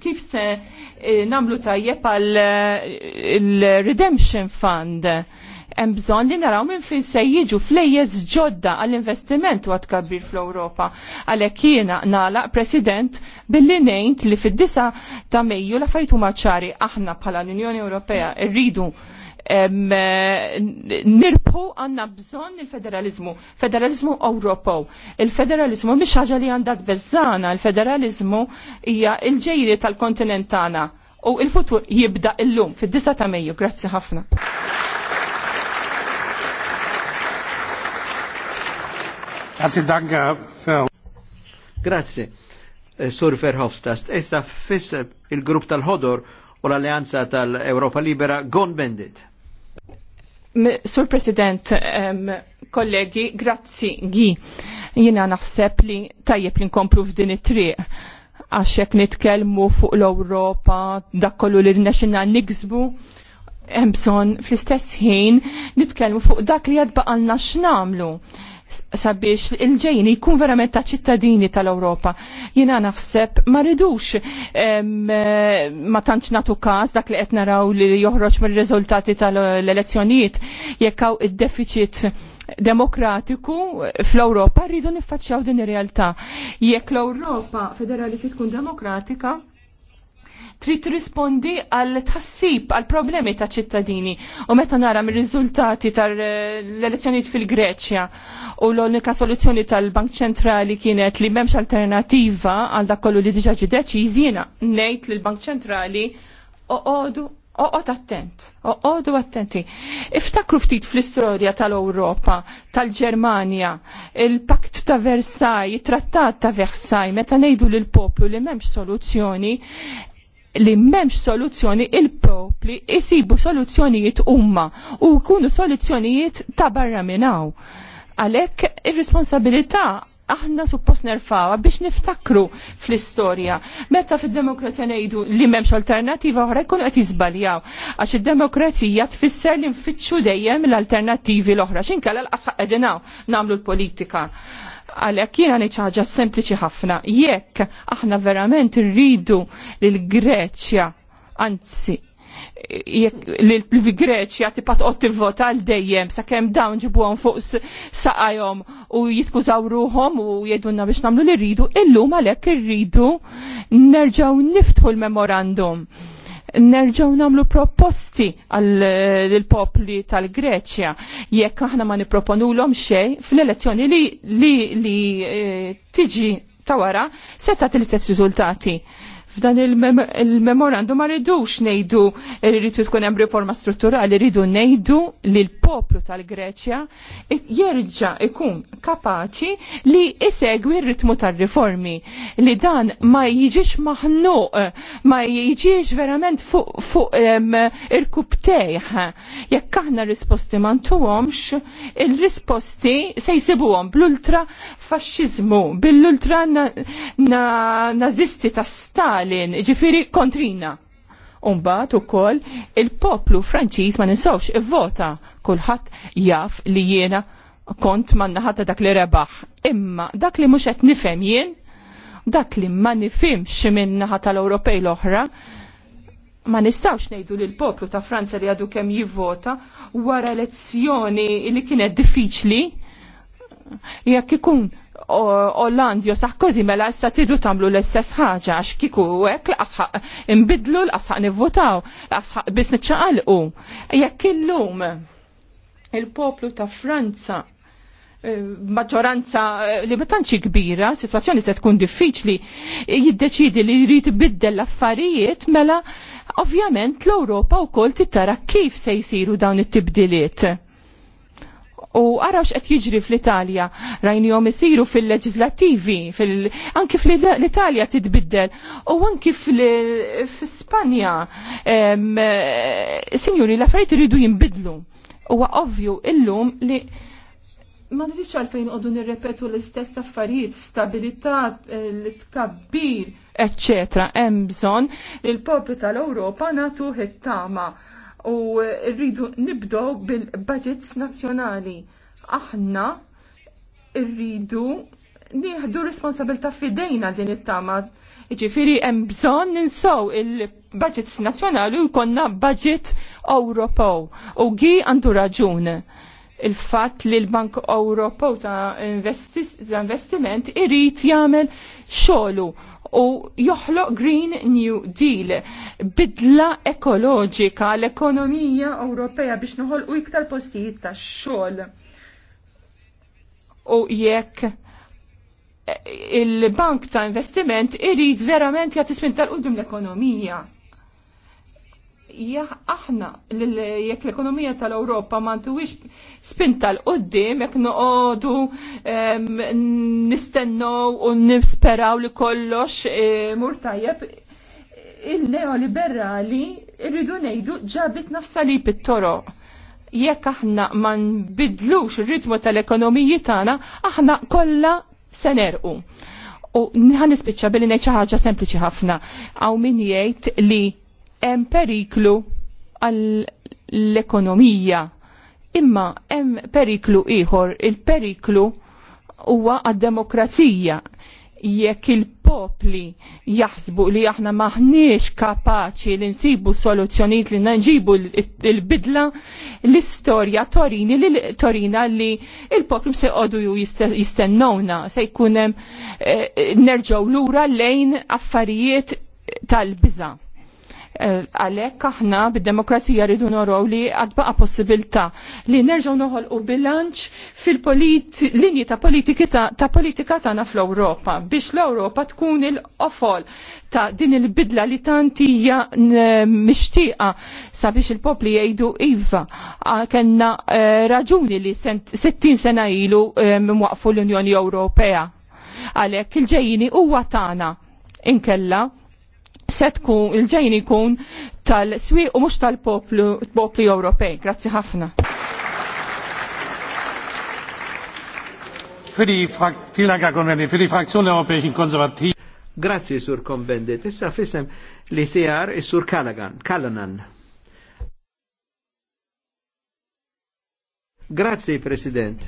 Speaker 2: kif se eh, namlu tajjeb għal il-redemption fund hemm bżonn li naraw minn fin se jiġu flejjes ġodda għall-investiment wa tkabbir fl-Ewropa. Għalhekk jiena nagħlaq President billi ngħid li fid-disa ta' Mejju l-affarijiet huma ċari aħna bħala l-Unjoni Ewropea rridu nirpu għanna bżon il-federalizmu, federalizmu Ewropew. Il-federalizmu mhix ħaġa li għandha tbeżżana, il-federalizmu hija l-ġejri tal-kontinentana u il-futur jibda illum fid-disa ta' Mejju. Grazzi ħafna.
Speaker 1: Grazie
Speaker 3: Grazie. Eh, Sur Verhofstadt, issa fissa il-grupp tal-ħodor u l-Alleanza tal-Europa Libera Gon Bendit.
Speaker 2: Sur President, um, kollegi, grazzi Gi. Jina naħseb li tajjeb li nkomplu f'din it-triq għaxek nitkelmu fuq l-Europa, dakollu li r naxina nigzbu, bżon fl-istess ħin nitkellmu fuq dak li jadbaqalna x'namlu sabiex il-ġejni jkun verament ta' ċittadini tal-Ewropa. Jina nafseb ma ridux ma tantx natu każ dak li qed naraw li joħroġ mir-riżultati tal-elezzjonijiet jekk hawn id-deficit demokratiku fl-Ewropa rridu niffaċċjaw din ir-realtà. Jekk l-Ewropa federali tkun demokratika, trid rispondi għal tassib, għal problemi ta' ċittadini. U meta nara mir-riżultati tal-elezzjonijiet fil-Greċja u l-unika soluzzjoni tal-Bank Ċentrali kienet li m'hemmx alternativa għal dak kollu li diġà ġie deċiż jiena ngħid lill-Bank Ċentrali oqogħdu oqgħod attent, oqgħodu attenti. Iftakru ftit fl-istorja tal-Ewropa, tal-Ġermanja, il-Pakt ta' Versailles, it-Trattat ta' Versailles, meta ngħidu lill poplu li m'hemmx soluzzjoni, li memx soluzzjoni il propli isibu soluzzjonijiet umma u jkunu soluzzjonijiet ta' barra minnaw. Għalek ir responsabilità aħna suppost nerfawa biex niftakru fl-istorja. Meta fil-demokrazija nejdu li memx alternativa oħra jkun qed jiżbaljaw. Għax id-demokrazija tfisser li nfittxu dejjem l-alternativi l-oħra. X'inkella l-qasaq qegħdinaw namlu l-politika. Għalhekk jiena ngħid ħaġa sempliċi ħafna. Jekk aħna verament rridu l Greċja anzi l-Greċja pat qod tivvota għal dejjem sakemm dawn ġibuhom fuq saqajhom u jiskużaw ruhom u jedunna biex nagħmlu li rridu, illum għalhekk irridu nerġgħu niftħu l-memorandum. Nerġgħu nagħmlu proposti għall popli tal-Greċja jekk aħna ma nipproponulhom xejn fl-elezzjoni li, li, li eh, tiġi tawara setta se tagħti l-istess riżultati f'dan il-memorandum ma rridux nejdu rridu tkun hemm riforma strutturali, rridu nejdu li l-poplu tal-Greċja jerġa' ikun kapaċi li isegwi r-ritmu tar-riformi li dan ma jiġix maħnuq, ma jiġix verament fuq fu, irkub tejħ. Jekk aħna risposti ma ntuhomx, il-risposti se jsibuhom bl-ultra faxxiżmu, bil-ultra nazisti ta' tas-stal għalin, ġifiri kontrina. Umbat u koll il-poplu franċiż ma ninsawx ivvota kulħadd jaf li jiena kont man ħatta dak li rebaħ. Imma dak li mhux qed nifhem jien, dak li ma nifhimx minn naħa tal-Ewropej l-oħra, ma nistawx nejdu li l-poplu ta' Franza li għadu kem jivvota wara elezzjoni li kienet diffiċli jekk ikun Ollandi u saħkozi mela issa tidu tamlu l-istess ħaġa għax kiku hekk l-asħaq imbidlu l-asħaq nivvotaw, l-asħaq biss niċċaqalqu. Jekk illum il-poplu ta' Franza eh, maġġoranza eh, li batanċi kbira, situazzjoni se tkun diffiċli, jiddeċidi li jrid ibiddel l-affarijiet, mela ovvjament l-Ewropa wkoll tittara kif se jsiru dawn it-tibdiliet u għaraw x'qed jiġri fl-Italja. jom isiru fil-leġislattivi, fil anki fl-Italja titbiddel u anki fl-Spanja. Eh, Sinjuri, l-affarijiet iridu jinbidlu. Huwa ovvju illum li ma nridx għalfejn qogħdu nirrepetu l-istess affarijiet, stabilità, l-tkabbir, eccetera, hemm bżonn il l-poplu tal-Ewropa natu hittama. tama u rridu nibdow bil-budgets nazzjonali. Aħna rridu nieħdu responsabilta fidejna din it-tama. Ġifiri hemm bżonn ninsew il-budgets nazzjonali u jkollna budget Ewropew. U gi għandu raġun il-fatt li l-Bank Ewropew ta' investiment irid jagħmel xogħlu u joħloq Green New Deal, bidla ekoloġika l-ekonomija Ewropea biex u iktar postijiet tax xogħol. U jekk il-bank ta' investiment irid verament jagħti ismin tal qudum l-ekonomija aħna jekk l-ekonomija tal-Ewropa ma tuwix spinta l-qoddim jekk noqogħdu nistennew u nisperaw li kollox e, mur tajjeb il-neoliberali rridu ngħidu ġabit nafsa li pit-toroq. Jekk aħna ma nbidlux ir-ritmu tal-ekonomiji tagħna, aħna kollha se nerqu. U nħan nispiċċa billi ngħid xi ħaġa sempliċi ħafna. Hawn min jgħid li hemm periklu għall-ekonomija. Imma hemm periklu ieħor, il-periklu huwa għad-demokrazija jekk il-popli jaħsbu li aħna maħniex kapaċi li nsibu soluzzjoniet li nġibu il-bidla l-istorja torini li torina li il-popli se għodu ju jistennowna se jkunem eh, nerġaw lura lejn affarijiet tal-biza. Eh, għalhekk aħna bid-demokrazija rridu noraw li għadbaqa possibilta li nerġgħu noħolqu bilanċ fil-linji ta' politika ta' politika tagħna fl-Ewropa biex l-Ewropa tkun il-qofol ta' din il-bidla li tantija eh, mixtieqa sabiex il-popli jgħidu iva Kenna eh, raġuni li 60 sena ilu mwaqfu l-Unjoni Ewropea. Għalhekk il-ġejjini huwa tagħna inkella se tkun il-ġejn ikun tal-swieq u mhux tal-poplu Ewropej. Grazzi ħafna.
Speaker 3: Grazzi, Sur Kombendit. Issa fissem li sejar is Sur Kalagan, Kalanan. Grazie, President.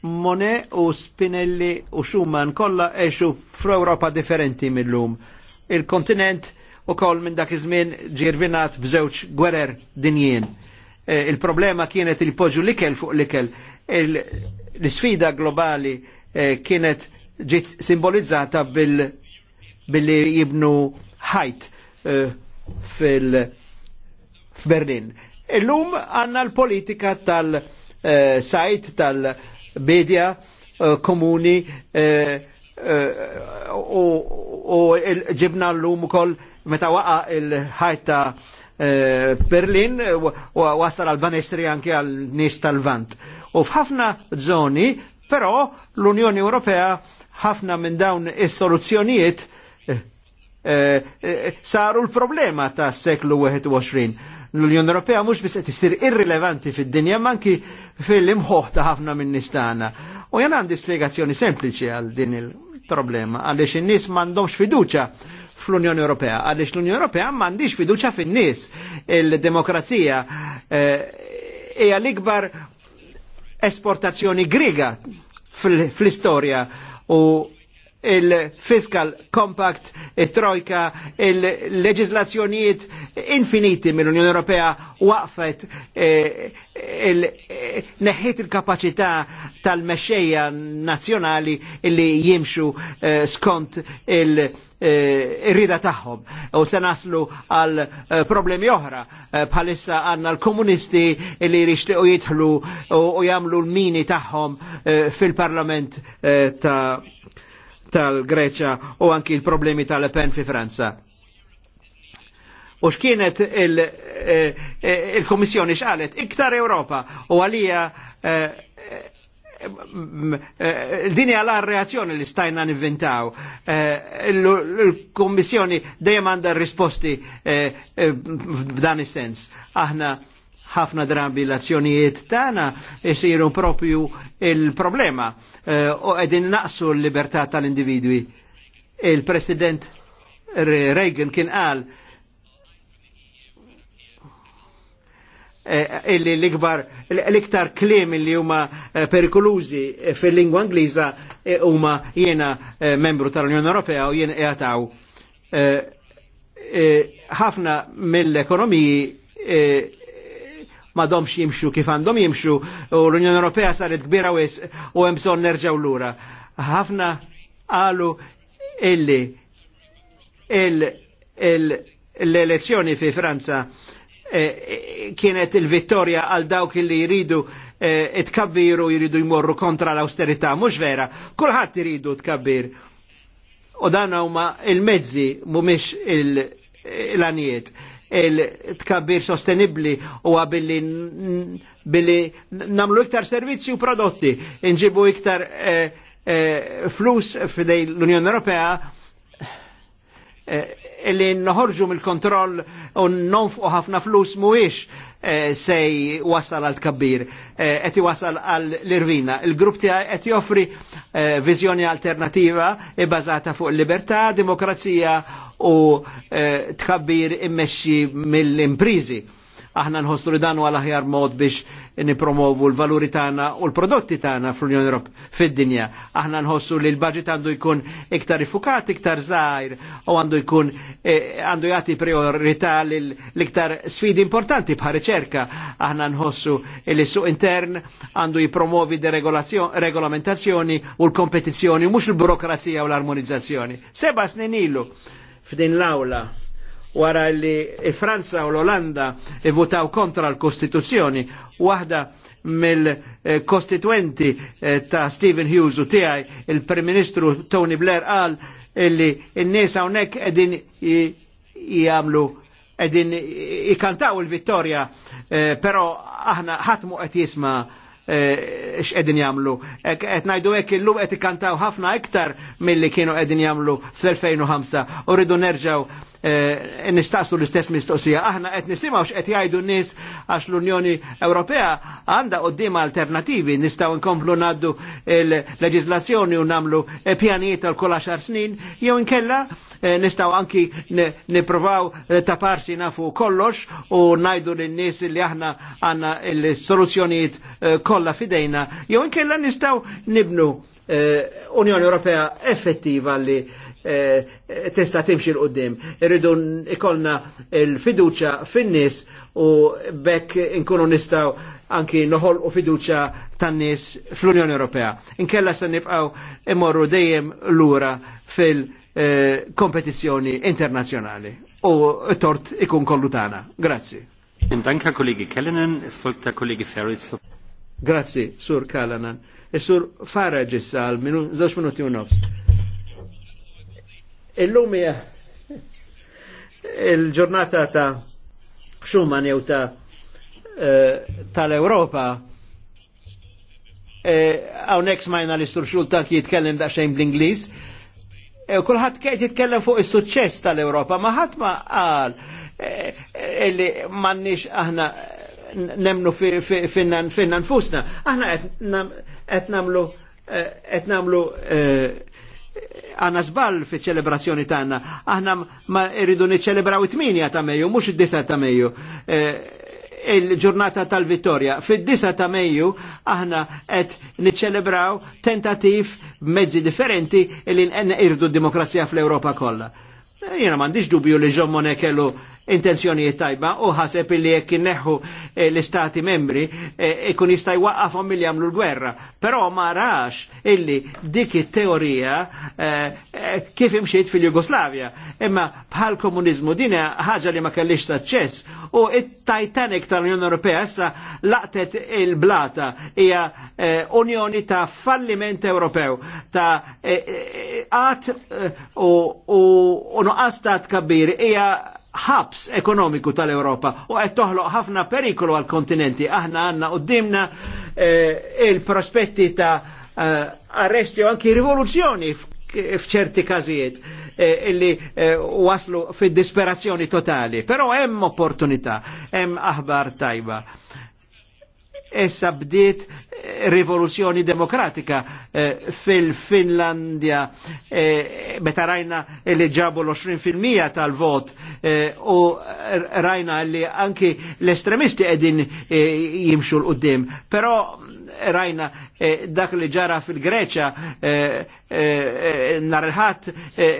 Speaker 3: Monet u Spinelli u Schumann kollha għexu fl-Europa differenti mill-lum. Il-kontinent u koll minn dak iż-żmien ġirvinat b'żewġ gwerer dinjien. E, Il-problema kienet il-poġu l fuq l-ikel. L-sfida globali e, kienet ġiet simbolizzata bil billi jibnu ħajt e, fil f'Berlin. Illum għanna l-politika tal-sajt tal-, e, -sajt, tal bedja eh, komuni eh, eh, u ġibna l-lum ukoll meta waqa il-ħajta Berlin wasal għal banestri anke għal nis tal-vant. U f'ħafna zoni, però l-Unjoni Ewropea ħafna minn dawn is-soluzzjonijiet saru l-problema ta' s-seklu 21 L-Unjoni Ewropea mhux biss qed isir irrilevanti fid-dinja manki fil-imħoħ ta' ħafna minn nistana. U jien għandi spjegazzjoni sempliċi għal din il-problema għaliex in-nies m'għandhomx fiduċa fl-Unjoni Ewropea, għaliex l-Unjoni Ewropea m'għandix fiduċa fin-nies. Il-demokrazija eh, hija l-ikbar esportazzjoni griga fl-istorja u il-Fiscal Compact, il-Trojka, il-leġizlazzjonijiet infiniti mill-Unjoni Ewropea waqfet eh, eh, neħħiet il-kapacità tal-mexxejja nazzjonali li jimxu eh, skont il- rida tagħhom u se naslu għal problemi oħra bħalissa għanna l-komunisti li jrixtiqu jidħlu u jagħmlu l-mini tagħhom fil-Parlament ta' tal-Greċa u anki il-problemi tal-Pen le fi Franza. U x'kienet il-Komissjoni il eh, eh, x'qalet iktar Europa u għalija l eh, dini għala reazzjoni li stajna ninventaw. L-Komissjoni dejjem għanda risposti f'dan is-sens. Aħna ħafna drabi l-azzjonijiet tagħna jsiru propju il-problema eh, u qegħdin naqsu l-libertà tal-individwi. Il-President Reagan kien qal eh, illi l-ikbar l-iktar klim li huma eh, perikolużi fil-lingwa Ingliża huma jiena membru tal-Unjoni Ewropea u jiena jgħataw ħafna mill-ekonomiji madomx jimxu kif għandhom jimxu u l-Unjoni Ewropea saret kbira wis u hemm bżonn nerġgħu lura. Ħafna qalu illi l-elezzjoni fi Franza eh, kienet il-vittorja għal dawk li jridu eh, itkabbiru jridu jmorru kontra l-austerità, mhux vera, kulħadd jridu tkabbir. U dan huma il-mezzi mhumiex l-anijiet. il mezzi mhumiex il anijiet il il-tkabbir sostenibli u għabilli billi namlu iktar servizzi u prodotti, nġibu iktar eh, eh, flus fidej l-Unjoni Ewropea eh, illi noħorġu mill-kontroll u non ħafna flus muwiex Eh, sej wasal għal tkabbir, eh, qed wasal għal l-irvina. Il-grupp tija qed joffri eh, viżjoni alternativa bbażata e fuq libertà, demokrazija u tkabbir immexxi mill-imprizi. Aħna nħossru dan għal aħjar mod biex E nipromovu l-valuri tagħna u l-prodotti tagħna fl-Unjoni Ewropea fid-dinja. Aħna nħossu li l-budget għandu jkun iktar ifukat, iktar żgħir u għandu jkun e, għandu jagħti priorità l-iktar sfidi importanti bħal riċerka. Aħna nħossu li suq intern għandu jipromovi deregolamentazzjoni u l-kompetizzjoni mhux il-burokrazija u l-armonizzazzjoni. Seba snin ilu f'din l-awla wara li Franza u l-Olanda votaw kontra l-Kostituzzjoni, waħda mill-kostituenti ta' Stephen Hughes u tiegħi il-Prim Ministru Tony Blair qal illi n-nies hawnhekk qegħdin jagħmlu qegħdin ikantaw il vittorja però pero aħna ħatmu qed jisma' x'qegħdin jagħmlu. Qed ngħidu hekk illum qed ikantaw ħafna iktar milli kienu qegħdin jagħmlu fl-2005 u rridu nerġgħu Eh, nistaqsu l-istess mistoqsija. Aħna qed nisimgħu x'qed jgħidu n-nies għax l-Unjoni Ewropea għandha qudiem alternativi nistgħu nkomplu ngħaddu l-leġiżlazzjoni u nagħmlu eh, pjanijiet għal kull għaxar snin jew inkella eh, nistgħu anki nippruvaw taparsi nafu kollox u ngħidu lin-nies li aħna għandna l-soluzzjonijiet kollha fidejna jew inkella nistgħu nibnu Unjoni Ewropea effettiva li Eh, tista' timxi l qoddim Irridu ikollna il-fiduċa finnis u bekk inkunu nistaw anki noħol u fiduċa tannis fl-Unjoni Ewropea. Inkella se nibqaw imorru dejjem l-ura fil-kompetizzjoni eh, internazjonali u tort ikun kollu tagħna. Grazzi.
Speaker 2: Danka kollegi Kellenen, es folgt kollegi Ferritz.
Speaker 3: Grazzi, Sur Kallanan. E sur Farage issa għal minu, zoċ minuti u nofs. Illum hija il-ġurnata ta' Schumann jew ta' eh, tal-Ewropa eh, hawnhekk smajna li sur ta' jitkellem daqsxejn bl-Ingliż. Eh, kulħadd kien jitkellem fuq is-suċċess tal-Ewropa, ma ħadd ma qal li m'għandniex aħna nemnu finna nfusna. Aħna qed namlu qed namlu għanna zbal fi ċelebrazzjoni tagħna. Aħna ma irridu niċċelebraw it tminja ta' Mejju, mhux id disa ta' Mejju. Eh, il-ġurnata tal-vittorja. fid disa ta' Mejju aħna qed niċċelebraw tentativ mezzi differenti li irdu d-demokrazija fl-Ewropa kollha. Eh, jiena m'għandix dubju li ġommone kellu intenzjonijiet tajba u ħaseb illi jekk inneħħu eh, l-istati membri eh, ikun jista' jwaqafhom milli jagħmlu l-gwerra. Però ma rax illi dik it-teorija eh, kif imxiet fil-Jugoslavja. Imma bħal komuniżmu din ħaġa li ma kellix saċċess u it-Titanic tal-Unjoni Ewropea issa laqtet il-blata hija unjoni ta' falliment Ewropew ta' għat u nuqqas ta' tkabbir hija ħabs ekonomiku tal-Europa u qed toħloq ħafna periklu għal kontinenti. Aħna għandna qudiemna eh, il-prospetti ta' eh, arresti u anki rivoluzzjoni f'ċerti każijiet eh, illi eh, waslu fid-disperazzjoni totali. Però hemm opportunità, hemm aħbar tajba essa bdiet eh, rivoluzzjoni demokratika eh, fil-Finlandja eh, meta rajna li ġabu l-20% tal-vot u rajna li anki l-estremisti edin jimxu l-qoddim. Però rajna dak li ġara fil-Greċa nar il-ħat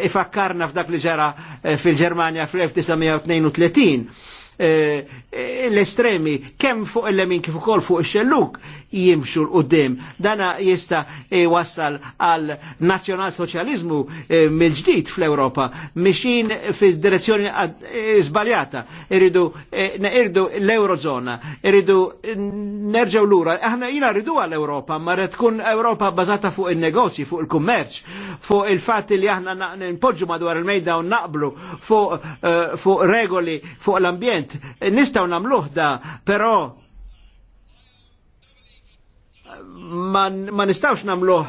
Speaker 3: ifakkarna f'dak li ġara fil-Germania fil 1932 l-estremi kemm fuq il-lemin kif ukoll fuq ix-xelluk jimxu l qudiem Dana jista' wassal għal nazzjonal soċjaliżmu mill-ġdid fl-Ewropa mixin fid-direzzjoni żbaljata. Irridu irdu l-Eurozona, irridu nerġgħu lura. Aħna jina rridu għall-Ewropa, ma tkun Ewropa bazata fuq il-negozji, fuq il-kummerċ, fuq il-fatt li aħna npoġġu madwar il-mejda u naqblu fuq regoli fuq l-ambjent ovvjament, nistaw namluħ da, pero ma nistawx namluħ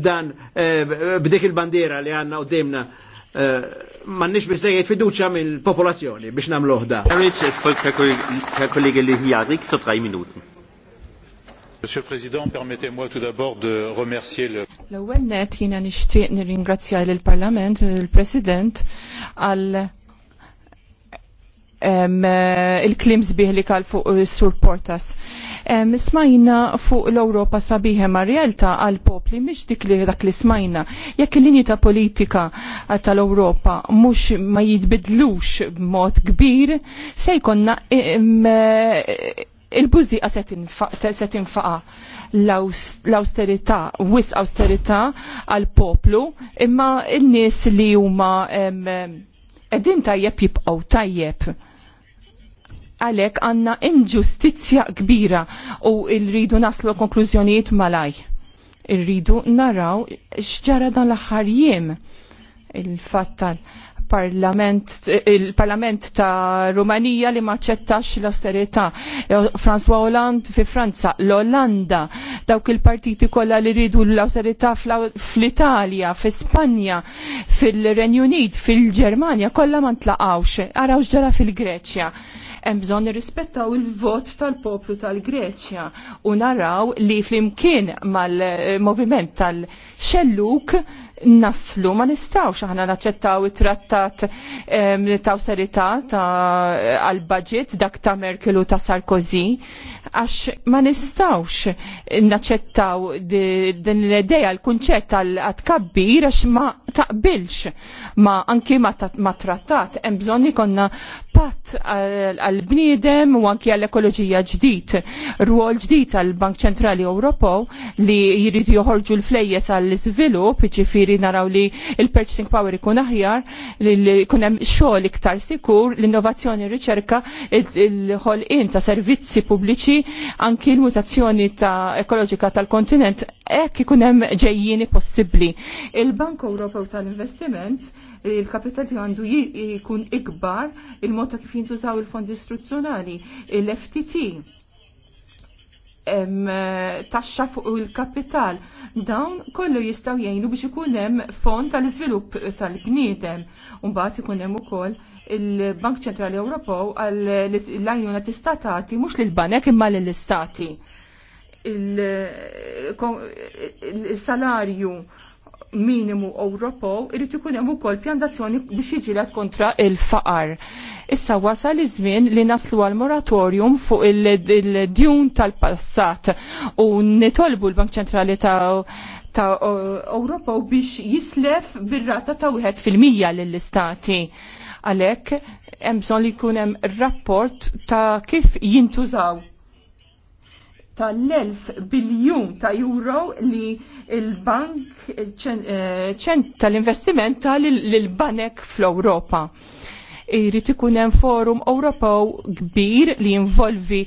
Speaker 3: dan eh, b'dik il-bandiera li għanna u demna eh, ma nix bistegħi fiduċa mill-popolazzjoni biex namluħ da. Monsieur le
Speaker 2: Président, permettez-moi tout d'abord de remercier le... il y a L-ewwel net jiena nixtieq nirringrazzja lill-Parlament, il-President għal Eh, il-klim sbieħ li kal fuq eh, sur Portas. Smajna fuq l-Europa sabiħe ma' realtà għal popli miex dik li dak li smajna. Jekk il-linji ta' politika tal-Europa mhux ma jitbidlux b'mod kbir, se jkollna eh, il-buzdi set infaqa l austerita wis austerita għal poplu, imma il-nies li huma edin tajjeb jibqaw tajjeb għalek għanna inġustizja kbira u irridu naslu konklużjonijiet malaj. Irridu naraw xġara dan l-aħħar jiem il-fatt tal-parlament il-parlament ta' Rumanija li ma ċettax l-austerità. E, François Hollande fi Franza, l-Olanda, dawk il-partiti kollha li ridu l-austerità fl-Italja, fi Spanja, fil-Renju Unit, fil-Ġermanja, kollha ma ntlaqawx. Araw x'ġara fil-Greċja hemm bżonn nirrispettaw il-vot tal-poplu tal-Greċja u naraw li flimkien mal-moviment tal-xelluk naslu ma nistawx aħna naċċettaw it-trattat ta' austerità għal budget dak ta' Merkel u ta' Sarkozy għax ma nistawx naċċettaw din l-ideja l-kunċett għal kabbir għax ma taqbilx ma anki ma trattat hemm bżonn ikonna impatt għal-bniedem u anki għall-ekoloġija ġdid. Rwol ġdid għall-Bank Ċentrali Ewropew li jridu joħorġu l-flejjes għall-iżvilupp, ġifieri naraw li il-purchasing power ikun aħjar, li jkun hemm xogħol iktar sikur, l-innovazzjoni r-riċerka, il-ħolqien ta' servizzi pubbliċi, anki l-mutazzjoni ta' ekoloġika tal-kontinent, hekk ikun hemm ġejjieni possibbli. Il-Bank Ewropew tal-Investiment il-kapital li għandu jkun ikbar il-mod kif jintużaw il-fondi istruzzjonali, l ftt taxxa fuq il-kapital. Dawn kollu jistaw jgħinu biex ikun hemm fond tal-iżvilupp tal-bniedem. Mbagħad ikun hemm ukoll il-Bank Ċentrali Ewropew għal l-għajnuna tistatati mhux l banek imma lill-istati. Il-salarju il minimu Ewropew irid ikun hemm ukoll pjantazzjoni biex jiġilet kontra il-faqar. Issa wasal iż-żmien li naslu għal moratorium fuq il-djun tal-passat u nitolbu l-Bank Ċentrali ta' ta' Ewropa biex jislef bir-rata ta' wieħed fil-mija lill-istati. Għalhekk hemm bżonn li jkun hemm rapport ta' kif jintużaw tal-1000 biljun ta' euro li il-Bank ċent eh, tal-investiment tal-Banek fl-Europa. Irrit ikun hemm forum Ewropew kbir li jinvolvi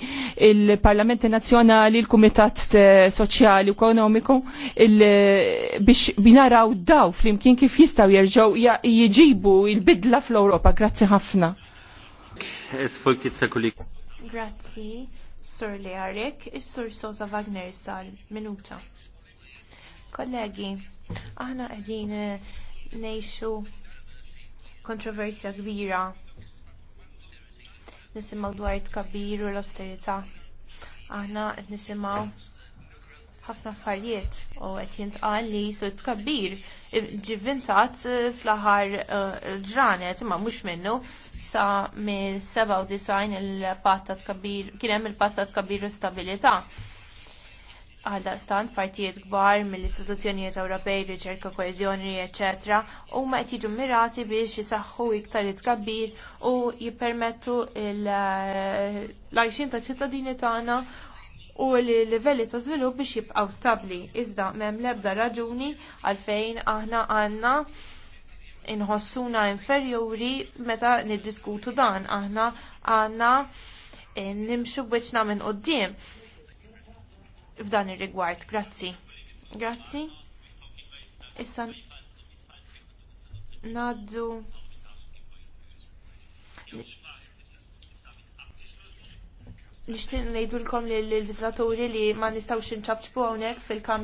Speaker 2: il-Parlamenti Nazzjonali, il-Kumitat eh, Soċjali Ekonomiku biex binaraw daw flimkien kif jistgħu jerġgħu jiġibu il-bidla fl-Ewropa. Grazzi ħafna. Grazzi
Speaker 1: Sur li għarek, is-sur Sosa Wagner sal minuta. Kollegi, aħna qegħdin eh, ngħixu kontroversja kbira nisimgħu dwar it-kabbir u l-austerità. Aħna qed nisimgħu ħafna affarijiet u qed jintqal li jisu tkabbir ġivvintat eh, fl-aħħar eh, ġranet imma mhux minnu sa minn 97 il-patta tkabbir kien hemm il-patta tkabbir u stabilità. Għaldaqstant partijiet kbar mill-istituzzjonijiet Ewropej, riċerka koeżjoni, eċetera, huma qed jiġu mirati biex jisaħħu iktar tkabbir u jippermettu eh, l-għajxin ta' ċittadini tagħna u li livelli ta' żvilupp biex jibqgħu stabbli. Iżda m'hemm l-ebda raġuni għalfejn aħna għandna inħossuna inferjuri meta niddiskutu dan. Aħna għandna eh, nimxu bieċna minn qoddim f'dan ir-rigward. Grazzi. Grazzi. Issa naddu nixtieq ngħidulkom lill-viżitaturi li ma nistgħux inċabċbu hawnhekk fil-kamra.